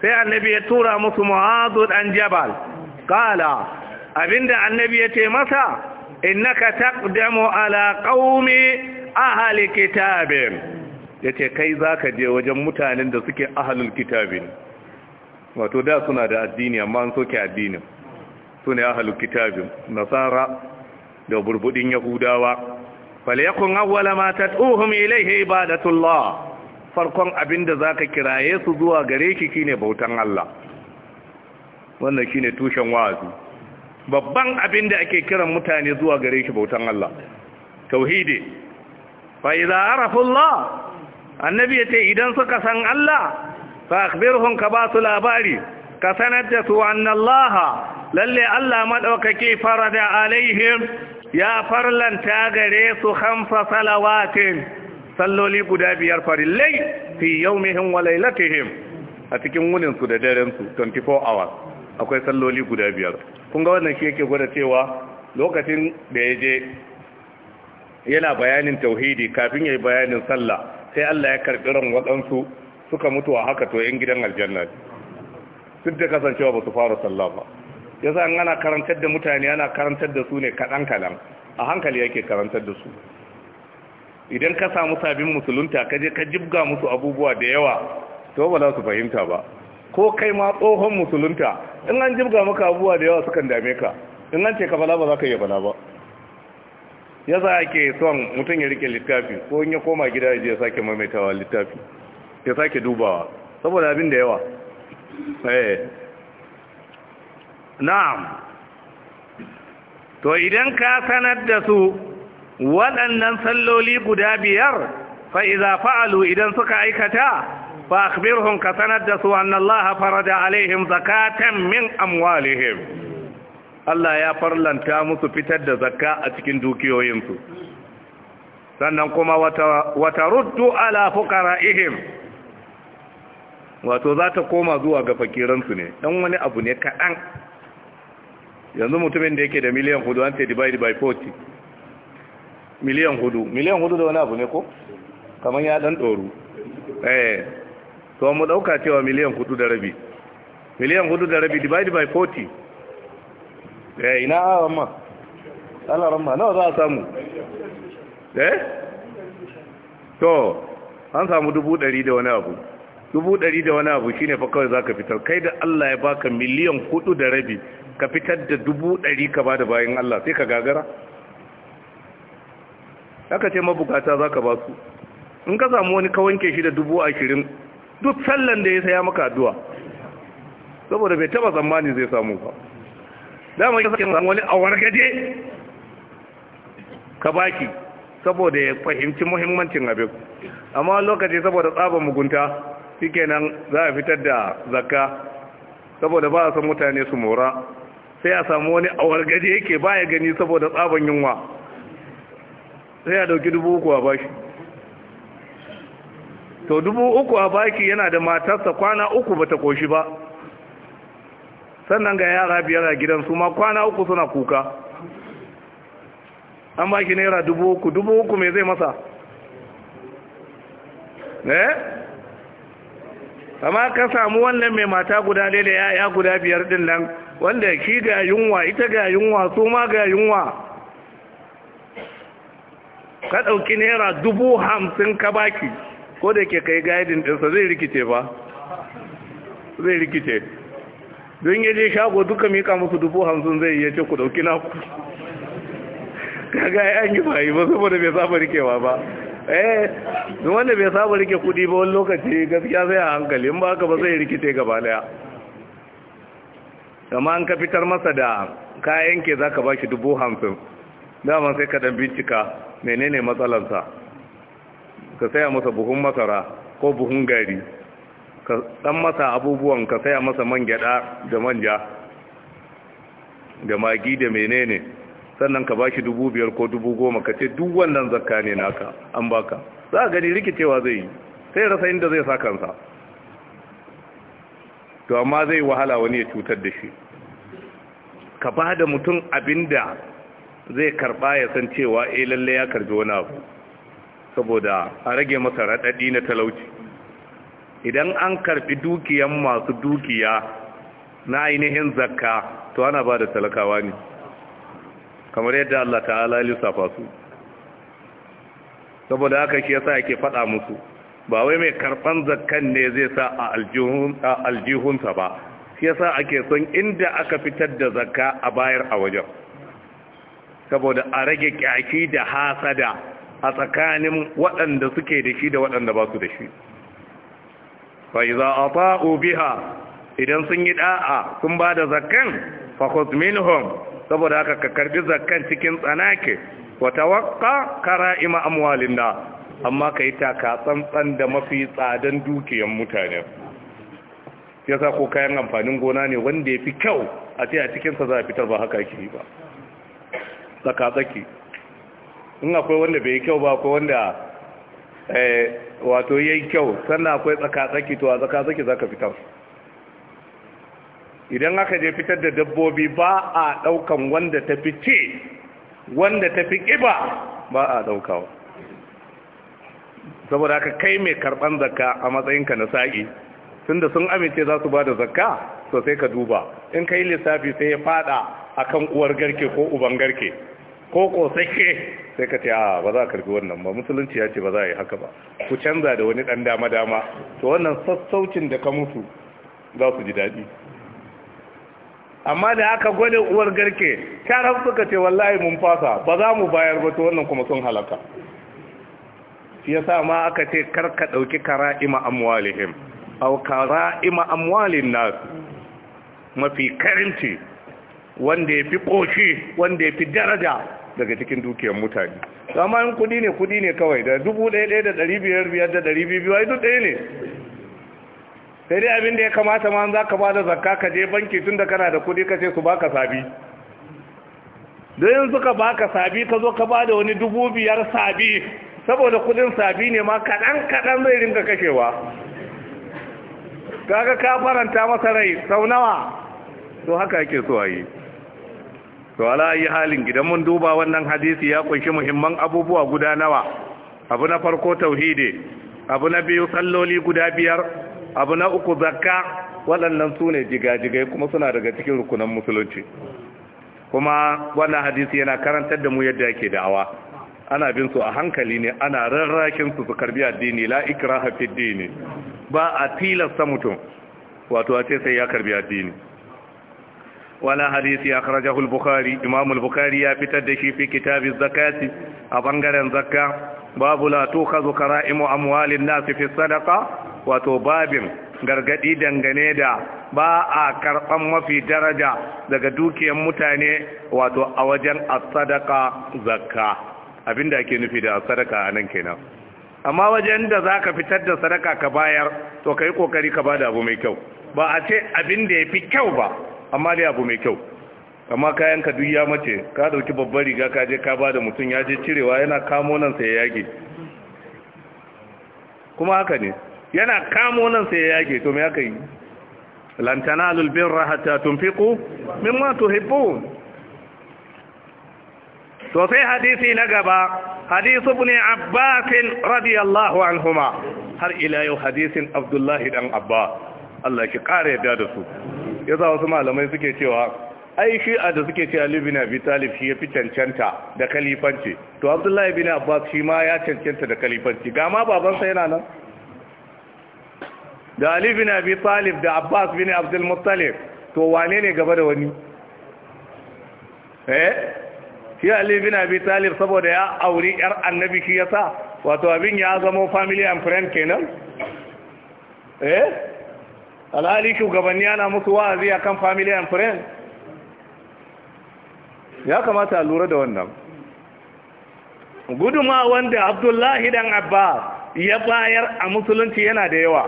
Speaker 1: sai annabi ya tura musu mu'azu dan jabal kala abinda annabi ya ce masa innaka taqdamu ala qaumi ahli kitabin yace kai zaka je wajen mutanen da suke ahlul kitabin wato da suna da addini amma an soke addinin sune ahlul kitabin nasara da burbudin yahudawa falyakun awwala ma tad'uhum ilayhi ibadatullah farkon abinda zaka kiraye su zuwa gare shi shine bautan Allah wannan shine tushen wa'azi babban abin da ake kiran mutane zuwa gare shi bautan Allah tauhidi fa idza arafu Allah annabi yace idan suka san Allah fa akhbirhum ka ba su labari ka sanar da su anna Allah lalle Allah madaukake farada alaihim ya farlanta gare su khamsa salawatin salloli guda biyar farillai fi yawmihim wa lailatihim a cikin wunin su da daren su 24 hours akwai salloli guda biyar kun ga wannan shi yake gwada cewa lokacin da ya je yana bayanin tauhidi kafin ya yi bayanin sallah sai Allah ya karɓi ran waɗansu suka mutu a haka to gidan aljanna duk da kasancewa ba su fara sallah ba yasa an ana karantar da mutane ana karantar da su ne kaɗan kaɗan a hankali yake karantar da su idan ka samu sabin musulunta ka je ka jibga musu abubuwa da yawa to ba za su fahimta ba ko kai ma tsohon musulunta in an jibga maka abubuwa da yawa sukan dame ka in an ce ka bala ba za ka iya bala ba ya za ke son mutum ya rike littafi ko in ya koma gida ya je ya sake maimaitawa littafi ya sake dubawa saboda abin da yawa eh. na'am to idan ka sanar da su waɗannan salloli guda biyar fa'iza fa'alu idan suka aikata fa akhbirhum ka sanar su anna Allah farada alaihim zakatan min amwalihim Allah ya farlanta musu fitar da zakka a cikin dukiyoyinsu sannan kuma wata wata ruddu ala fuqara'ihim wato za ta koma zuwa ga fakiransu ne dan wani abu ne kaɗan yanzu mutumin da yake da miliyan hudu an ce divide by 40 miliyan hudu miliyan hudu da wani abu ne ko kamar ya ɗan ɗoru eh to mu dauka cewa miliyan hudu da rabi miliyan hudu da rabi divided by 40 eh ina amma Allah ramma nawa za a samu eh to an samu dubu dari da wani abu dubu dari da wani abu shine fa kawai zaka fitar kai da Allah ya baka miliyan hudu da rabi ka fitar da dubu dari ka bada bayan Allah sai ka gagara aka ce mabukata zaka ba su in ka samu wani ka wanke shi da dubu ashirin duk sallan da ya saya maka addu'a saboda bai taba tsammani zai samu ba dama ya sakin wani awargaje gaje ka baki saboda ya fahimci muhimmancin abin amma lokaci saboda tsaban mugunta shikenan za a fitar da zakka saboda ba a san mutane su mora sai a samu wani awargaje gaje yake baya gani saboda tsaban yunwa sai a dauki dubu uku a bashi to dubu uku a baki yana da matarsa kwana uku bata koshi ba sannan ga yara biyar a gidan su ma kwana uku suna kuka an baki naira dubu uku dubu uku mai zai masa eh amma ka samu wannan mai mata guda daidai da yaya guda biyar din nan wanda shi ga yunwa ita ga yunwa su ma ga yunwa ka ɗauki naira dubu hamsin ka baki ko da ke kai gaidin ɗinsa zai rikice ba zai rikice don ya je shago duka mika musu dubu hamsin zai iya ce ku ɗauki ku? kaga ya yi bayi ba saboda bai saba rikewa ba eh don wanda bai saba rike kudi ba wani lokaci gaskiya zai a hankali in ba haka ba zai rikice gaba daya kama an ka fitar masa da kayan ke za ka ba shi dubu hamsin dama sai ka dan bincika menene matsalansa ka saya masa buhun masara ko buhun gari ka dan masa abubuwan ka saya masa man gyada da manja da magi da menene sannan ka bashi dubu biyar ko dubu goma ka ce duk wannan zakka ne naka an baka za a gani rikicewa zai yi sai rasa inda zai sa kansa to amma zai wahala wani ya cutar da shi ka ba da mutum abinda zai karba ya san cewa eh lalle ya karbi wani abu saboda a rage masa raɗaɗi na talauci idan an karɓi dukiyan masu dukiya na ainihin zakka to ana ba da talakawa ne kamar yadda Allah ta'ala lissafa su saboda haka shi yasa yake faɗa musu ba wai mai karɓan zakkan ne zai sa a aljihunsa ba shi yasa ake son inda aka fitar da zakka a bayar a wajen saboda a rage kyaki da hasada a tsakanin waɗanda suke da shi da waɗanda ba su da shi fa iza ata'u biha idan sun yi da'a sun ba da zakkan fa khudh minhum saboda haka ka karbi zakan cikin tsanake wa tawaqqa kara'ima amwalin da amma kai taka tsantsan da mafi tsadan dukiyan mutane yasa ko kayan amfanin gona ne wanda ya fi kyau a ce a cikinsa za a fitar ba haka yi ba tsaka tsaki in akwai wanda bai yi kyau ba akwai wanda eh, wato ya yi kyau sannan akwai tsakatsaki to a tsakatsaki za ka fitar idan aka je fitar da dabbobi ba a ɗaukan wanda ta fi ce wanda ta fi ƙiba ba a ɗaukawa saboda haka kai mai karɓan zakka a matsayinka na sa'i da sun amince za su ba da zakka sosai ka duba in ka yi lissafi sai ya fada akan uwar garke ko uban garke ko ko sai ka ce a ba za a karbi wannan ba musulunci ya ce ba za a yi haka ba ku canza da wani dan dama dama to wannan sassaucin da ka mutu za su ji daɗi amma da aka gwada uwar garke kyaran suka ce wallahi mun fasa ba za mu bayar ba to wannan kuma sun halaka shi yasa ma aka ce kar ka dauki kara'ima amwalihim aw kara'ima amwalin nas mafi karinci wanda ya fi ƙoshi wanda ya fi daraja daga cikin dukiyar mutane amma yin kudi ne kudi ne kawai da dubu ɗaya ɗaya da ɗari biyar biyar da ɗari biyu ɗaya ne sai dai abin ya kamata ma za ka ba zakka ka je banki tun da kana da kudi ka ce su baka sabi don suka baka sabi ka zo ka ba wani dubu biyar sabi saboda kudin sabi ne ma kaɗan kaɗan zai rinka kashewa kaga ka faranta masa rai sau nawa to haka ake so a yi to ala yi halin gidan mun duba wannan hadisi ya kunshi muhimman abubuwa guda nawa abu na farko tauhidi abu na biyu salloli guda biyar abu na uku zakka waɗannan su ne jigajigai kuma suna daga cikin rukunan musulunci kuma wannan hadisi yana karantar da mu yadda yake da'awa ana bin su a hankali ne ana rarrakin su su karbi addini la ikraha fi ba a tilasta mutum wato a ce sai ya karbi addini wani hadisi a al-bukhari imam bukhari ya fitar da shi fi kitabin zakati a bangaren zakka babu la tukhazu kara'imu amwalin nas fi sadaqa wato babin gargadi dangane da ba a karban mafi daraja daga dukiyar mutane wato a wajen as-sadaqa zakka abinda ake nufi da sadaka nan kenan amma wajen da zaka fitar da sadaka ka bayar to kai kokari ka ba da abu mai kyau ba a ce abin da fi kyau ba amma dai abu mai kyau amma kayan ka duk ya mace ka dauki babbar riga ka je ka bada mutum ya je cirewa yana kamo nan sai ya yage kuma haka ne yana kamo nan sai ya yage to me aka yi lan tanalul birra hatta tunfiqu mimma tuhibbun to sai hadisi na gaba hadisu ibn abbas radiyallahu anhuma har ila yau hadisin abdullahi dan abba Allah ki kare yadda da su ya za wasu malamai suke cewa ai shi'a da suke cewa Ali bin Abi Talib shi ya fi cancanta da kalifanci to Abdullahi bin Abbas shi ma ya cancanta da kalifanci ga ma babansa yana nan da Ali bin Abi Talib da Abbas bin Abdul to wane ne gaba da wani eh shi Ali bin Abi Talib saboda ya auri yar annabi shi yasa wato abin ya zama family and friend kenan eh alhali shugabanni ana musu wa'azi akan family and friends ya kamata a lura da wannan guduma wanda abdullahi dan abbas ya bayar a musulunci yana da yawa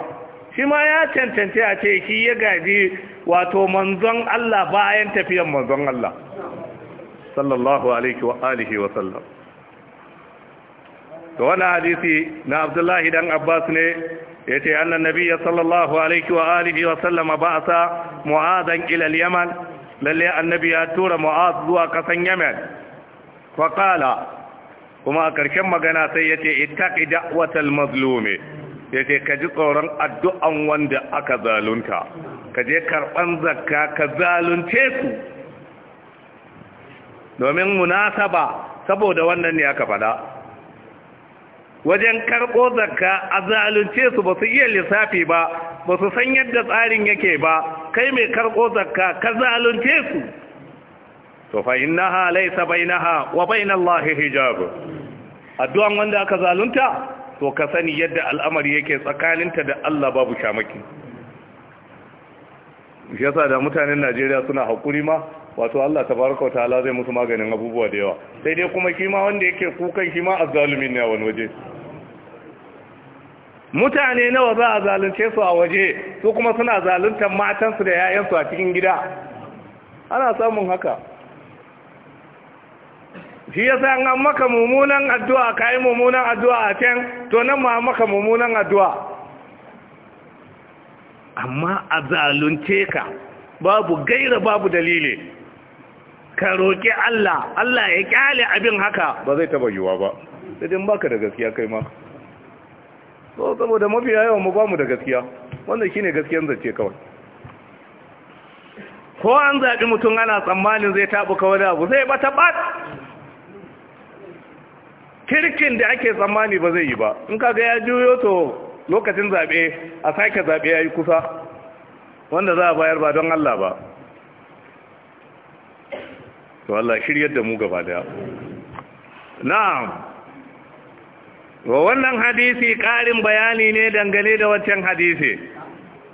Speaker 1: shi ma ya cancanci a ce shi ya gaji wato manzon Allah bayan tafiyan manzon Allah sallallahu alaihi wa alihi wa sallam Da wani hadisi na abdullahi dan abbas ne ya ce nabi ya sallallahu alaihi wa alihi wa sallama ba sa mu'adan ilal yaman lalle annabi ya tura mu'ad zuwa kasan yaman fa qala kuma a karshen magana sai yace ittaqi da'watal mazlumi yace ka ji tsoron addu'an wanda aka zalunta ka je karban zakka ka zalunce su domin munasaba saboda wannan ne aka faɗa. wajen karɓo zakka a zalunce su ba su iya lissafi ba ba su san yadda tsarin yake ba kai mai karɓo zakka ka zalunce su to fa ha laysa bainaha wa bain hijab addu'an wanda aka zalunta to ka sani yadda al'amari yake tsakaninta da Allah babu shamaki shi yasa da mutanen Najeriya suna hakuri ma wato Allah Ta tabaraka ta'ala zai musu maganin abubuwa da yawa sai dai kuma kima wanda yake kukan kima zalumin ne a wani waje mutane nawa za a zalunce su a waje su kuma suna zaluntar matansu da 'ya'yansu a cikin gida ana samun haka shi yasa an maka mummunan addu'a ka yi mummunan addu'a a can to nan ma maka mummunan addu'a amma a zalunce ka babu gaira babu dalili ka roƙi Allah Allah ya kyale abin haka ba zai taba yiwa ba sai dai baka da gaskiya kai ma so saboda mafi yawa mu ba mu da gaskiya wannan shine gaskiyar zance kawai ko an zaɓi mutum ana tsammanin zai taɓu kawai da abu zai bata bat kirkin da ake tsammani ba zai yi ba in kaga ya juyo to lokacin zaɓe a sake zaɓe ya yi kusa wanda za a bayar ba don Allah ba to Allah shiryar da mu gaba daya na'am wa wannan hadisi ƙarin bayani ne dangane da waccan hadisi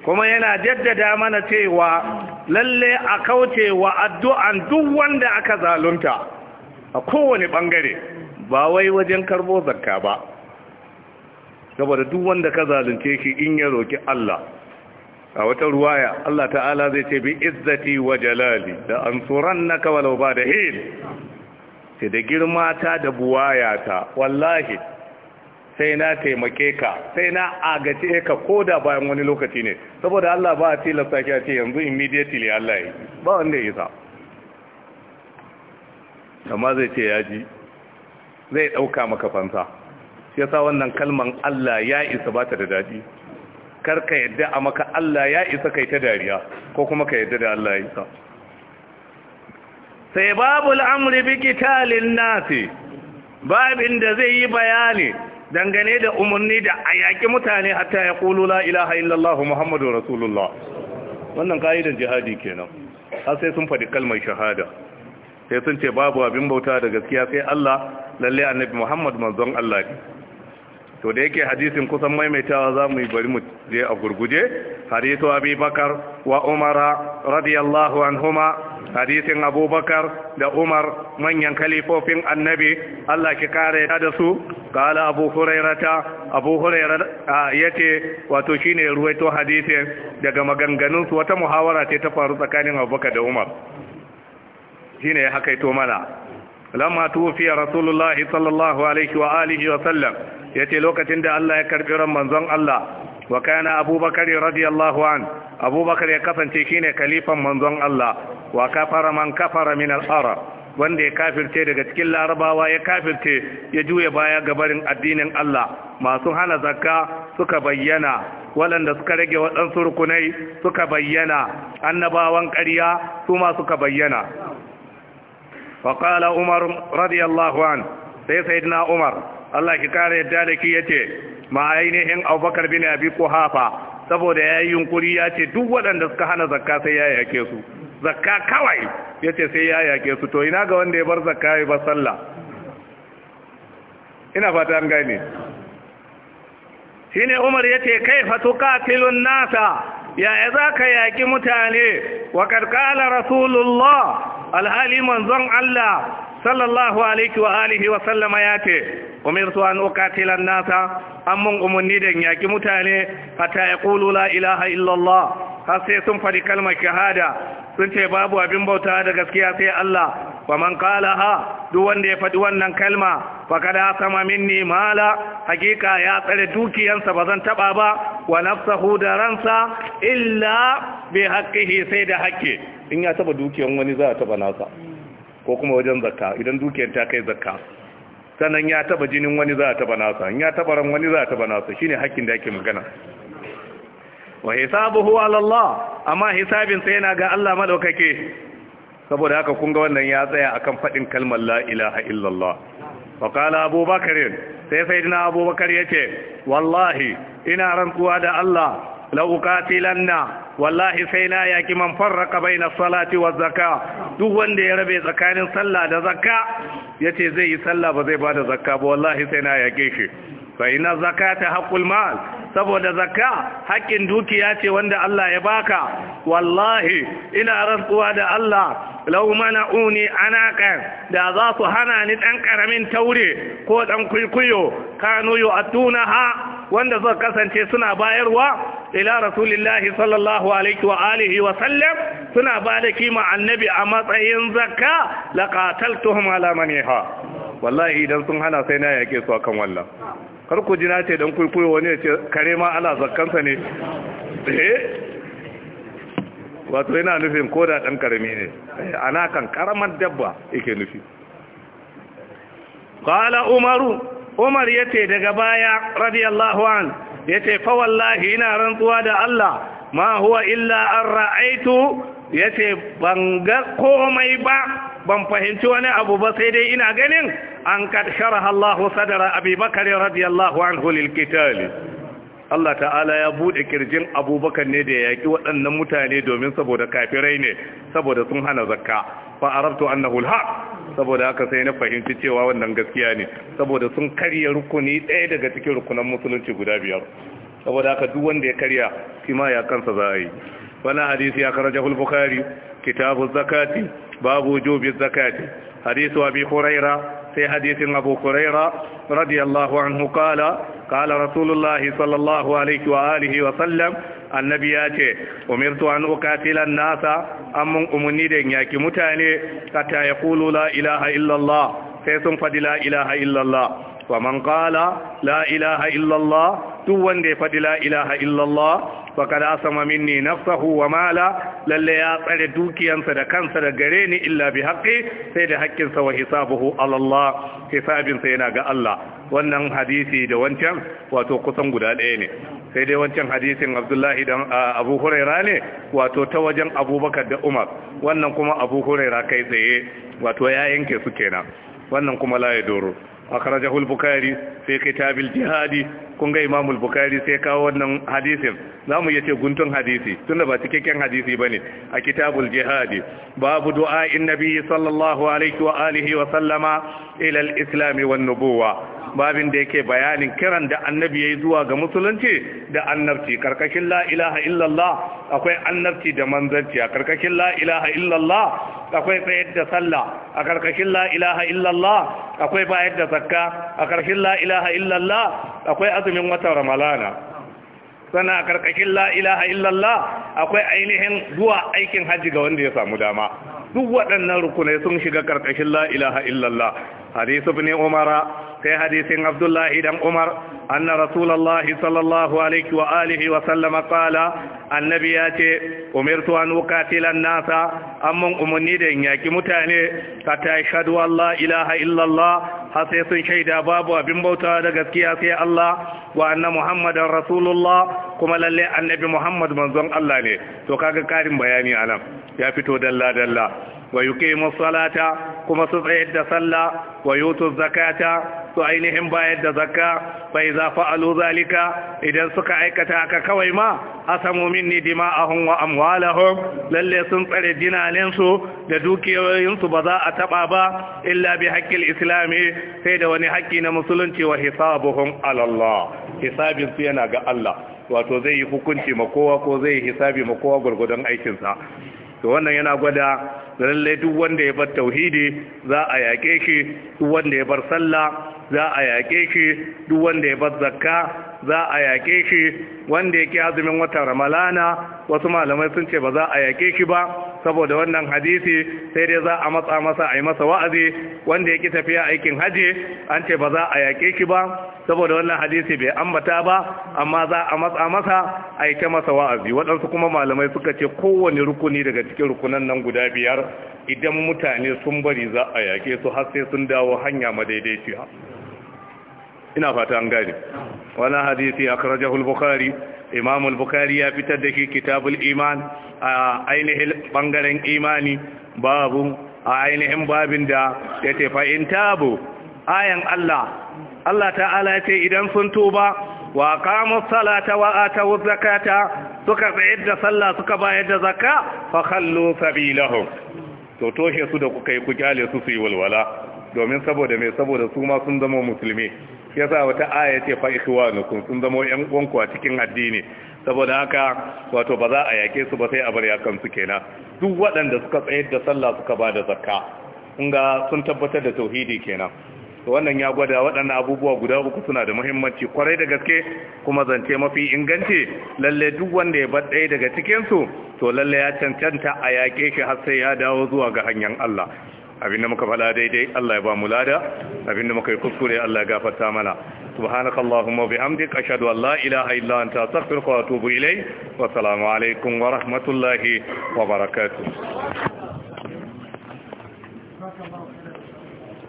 Speaker 1: kuma yana jaddada mana cewa lalle a kauce wa addu'an duk wanda aka zalunta a kowane ɓangare ba wai wajen karbo zakka ba saboda duk wanda ka zalunce shi in ya roki Allah a wata ruwaya Allah ta'ala zai ce bi izzati wa jalali da na walau ba da hil sai da girma ta da buwaya ta wallahi sai na taimake ka sai na agace ka ko da bayan wani lokaci ne saboda Allah ba a tilasta ki a ce yanzu immediately Allah yi ba wanda ya sa amma zai ce ya zai ɗauka maka fansa shi yasa wannan kalman Allah ya isa ba ta da daɗi kar ka yadda a maka Allah ya isa kai ta dariya ko kuma ka yadda da Allah ya isa sai babu al'amuri bi nasi babin da zai yi bayani dangane da umarni da a yaƙi mutane hatta ya ƙulu la'ilaha illallah muhammadu rasulullah wannan ka'idan jihadi kenan har sai sun faɗi kalmar shahada sai sun ce babu abin bauta da gaskiya sai Allah lalle annabi muhammad manzon Allah ne to da yake hadisin kusan maimaitawa za mu yi bari mu je a gurguje hadisu abubakar wa umara radiyallahu anhuma hadisin abubakar da umar manyan kalifofin annabi Allah ki kare da su kala abu hurairata abu hurairata yace wato shine ruwaito hadisin daga maganganunsu wata muhawara ce ta faru tsakanin abubakar da umar shine ya ito mana lamma tufiya rasulullahi sallallahu alaihi wa alihi wa sallam yace lokacin da Allah ya karbi ran manzon Allah wa kana abubakar radiyallahu an abubakar ya kasance shine kalifan manzon Allah wa kafara man kafara min al-arab wanda ya kafirce daga cikin larabawa ya kafirce ya juya baya ga barin addinin Allah masu hana zakka suka bayyana waɗanda suka rage waɗansu rukunai suka bayyana annabawan ƙarya su ma suka bayyana فقال عمر رضي الله عنه sai sayyidina Umar Allah ki kare yadda da ki yace ma ainihin Abubakar bin Abi Quhafa saboda yayi yunkuri ce duk waɗanda suka hana zakka sai ya yake su zakka kawai yace sai ya yake su to ina ga wanda ya bar zakka ya bar sallah ina fata an gane shine Umar yace kaifa tuqatilun nasa yaya za ka yaƙi mutane wa ƙarƙala rasulullah alhali manzon Allah sallallahu alaihi wa alihi wa sallama ya ce umirtu an uqatila nasa an mun umarni da yaƙi mutane hatta yaqulu la ilaha illallah har sai sun faɗi kalmar shahada sun ce babu abin bauta da gaskiya sai Allah faman ha duk wanda ya faɗi wannan kalma kada sama minni mala hakika ya tsare dukiyansa ba zan taɓa ba wa nafsahu da ransa illa bi haƙƙihi sai da haƙƙi in ya taɓa dukiyan wani za a taɓa nasa ko kuma wajen zakka idan dukiyan ta kai zakka sannan ya taɓa jinin wani za a taɓa nasa in ya taɓa ran wani za a taɓa nasa shine haƙƙin da ake magana wa hisabuhu ala Allah amma hisabinsa yana ga Allah madaukake saboda haka kun ga wannan ya tsaya akan faɗin kalmar la ilaha illallah faƙala abubakarin sai sai dina abubakar ya ce wallahi ina rantsuwa da Allah la'ukatilanna wallahi sai na yaki man farraka bai na salati wa zaka duk wanda ya rabe tsakanin sallah da zaka ya ce zai yi sallah ba zai ba da zakka ba wallahi sai na yake shi fa ina zakata haqqul mal saboda zakka haƙƙin dukiya ce wanda Allah ya baka wallahi ina rantsuwa da Allah law uni anaka da za su hana ni ɗan karamin taure ko ɗan kuikuyo kanu tunaha. wanda zai kasance suna bayarwa ila rasulillahi sallallahu alaihi wa alihi wa sallam suna ba da kima annabi a matsayin zakka laqataltuhum ala maniha wallahi idan sun hana sai na yake su akan wallah kar ku ce don kwaikwayo wani ya ce kare ma ala zakkansa ne eh wato yana nufin ko da ɗan karami ne eh, ana kan karamar dabba yake nufi ƙala umaru umar ya ce daga baya radiyallahu an ya ce fawallahi ina rantsuwa da Allah ma huwa illa an ra'aitu ya ce ban ga komai ba ban fahimci wani abu ba sai dai ina ganin an kad sharaha Allah sadara Abi Bakar radiyallahu anhu lil qital Allah ta'ala ya bude kirjin Abubakar ne da yaki waɗannan mutane domin saboda kafirai ne saboda sun hana zakka fa arabtu annahu al-haq saboda haka sai na fahimci cewa wannan gaskiya ne saboda sun karya rukuni ɗaya daga cikin rukunan musulunci guda biyar saboda haka duk wanda ya karya kima ya kansa za a yi wani hadisi ya karajahul bukhari kitabu zakati babu jubi zakati hadisu abi huraira في حديث أبو هريرة رضي الله عنه قال قال رسول الله صلى الله عليه وآله وسلم annabi ya ce umirtu an uqatilan nasa amman umunni da yaki mutane kata ya kulu la ilaha illallah sai sun fadi la ilaha illallah wa man qala la ilaha illallah duk wanda ya fadi la ilaha illallah wa kada asama na nafsahu wa mala lalle ya tsare dukiyansa da kansa da gare ni illa bi haqqi sai da haƙƙinsa wa hisabuhu Allah hisabinsa yana ga Allah wannan hadisi da wancan wato kusan guda ɗaya ne sai dai wancan hadisin Abdullahi dan Abu Huraira ne wato ta wajen Abubakar da Umar wannan kuma Abu Huraira kai tsaye wato ya yanke su kenan wannan kuma la ya doro akhrajahu al sai kitabil jihadi kun ga imam al-bukhari sai kawo wannan hadisin zamu yace guntun hadisi tunda ba cikakken hadisi bane a kitabul jihadi babu du'a in nabi sallallahu alaihi wa alihi wa sallama ila al-islam wan nubuwa babin da yake bayanin kiran da annabi yayi zuwa ga musulunci da annabci karkashin la ilaha illallah akwai annabci da manzanci a karkashin la ilaha illallah akwai tsayar da sallah a karkashin la ilaha illallah akwai bayar da zakka a karkashin la ilaha illallah akwai azumin watan ramalana sana karkashin la ilaha illallah akwai ainihin zuwa aikin hajji ga wanda ya samu dama duk waɗannan rukunai sun shiga karkashin la ilaha illallah hadisu ibn umara kai hadisin abdullahi dan umar anna rasulullahi sallallahu alaihi wa alihi wa sallama qala annabi ya ce umirtu an uqatila nasa amman umunni da yaki mutane hatta yashhadu an Allah ilaha illallah har sun shaida babu abin bauta da gaskiya sai Allah wa anna muhammadan rasulullah kuma lalle annabi muhammad manzon Allah ne to kaga karin bayani anan ya fito dalla dalla wa yuqimu salata kuma su tsayar da sallah wa yutu zakata su ainihin bayar da zakka bai za fa'alu zalika idan suka aikata aka kawai ma asamu minni dima'ahum wa amwalahum lalle sun tsare dinalinsu da dukiyoyinsu ba za a taba ba illa bi haqqil islami sai da wani haƙƙi na musulunci wa hisabuhum ala Allah yana ga Allah wato zai yi hukunci ma kowa ko zai yi hisabi ma kowa aikinsa to wannan yana gwada lalle duk wanda ya bar tauhidi za a yaƙe shi duk wanda ya bar sallah za a yaƙe shi duk wanda ya bar zakka za a yaƙe shi wanda ya ki azumin watan ramalana wasu malamai sun ce ba za a yaƙe shi ba saboda wannan hadisi sai dai za a matsa masa a yi masa wa'azi wanda ya yake tafiya aikin haji an ce ba za a yaƙe ki ba saboda wannan hadisi bai ambata ba amma za a matsa masa a yi masa wa'azi waɗansu kuma malamai suka ce kowane rukuni daga cikin rukunan nan guda biyar idan mutane sun bari za a yaƙe su har sai sun dawo hanya madaidaiciya ina fata an gane wannan hadisi akhrajahu al-bukhari imam al ya fitar da shi kitabul iman a ainihin bangaren imani babu a ainihin babin da yace fa in tabu ayan Allah Allah ta'ala ce idan sun tuba wa qamus salata wa atawuz zakata suka tsayar da sallah suka bayar da zakka fa khallu sabilahum to toshe su da kuka yi ku kyale su su yi walwala domin saboda me saboda su ma sun zama musulmi ya sa wata aya ce fa ikhwanukum sun zama yan uwanku a cikin addini saboda haka wato ba za a yake su ba sai a bar yakan su kenan duk waɗanda suka tsayar da sallah suka ba da zakka kun sun tabbatar da tauhidi kenan to wannan ya gwada waɗannan abubuwa guda uku suna da muhimmanci kwarai da gaske kuma zance mafi inganci lalle duk wanda ya bar ɗaya daga cikin su to lalle ya cancanta a yaƙe shi har sai ya dawo zuwa ga hanyar Allah da muka faɗa daidai Allah ya ba mu lada abinda muka yi kuskure Allah ya gafarta mana subhanaka allahumma wa bihamdik ashhadu an la ilaha illa anta astaghfiruka wa atubu ilayk wa assalamu alaikum wa rahmatullahi wa barakatuh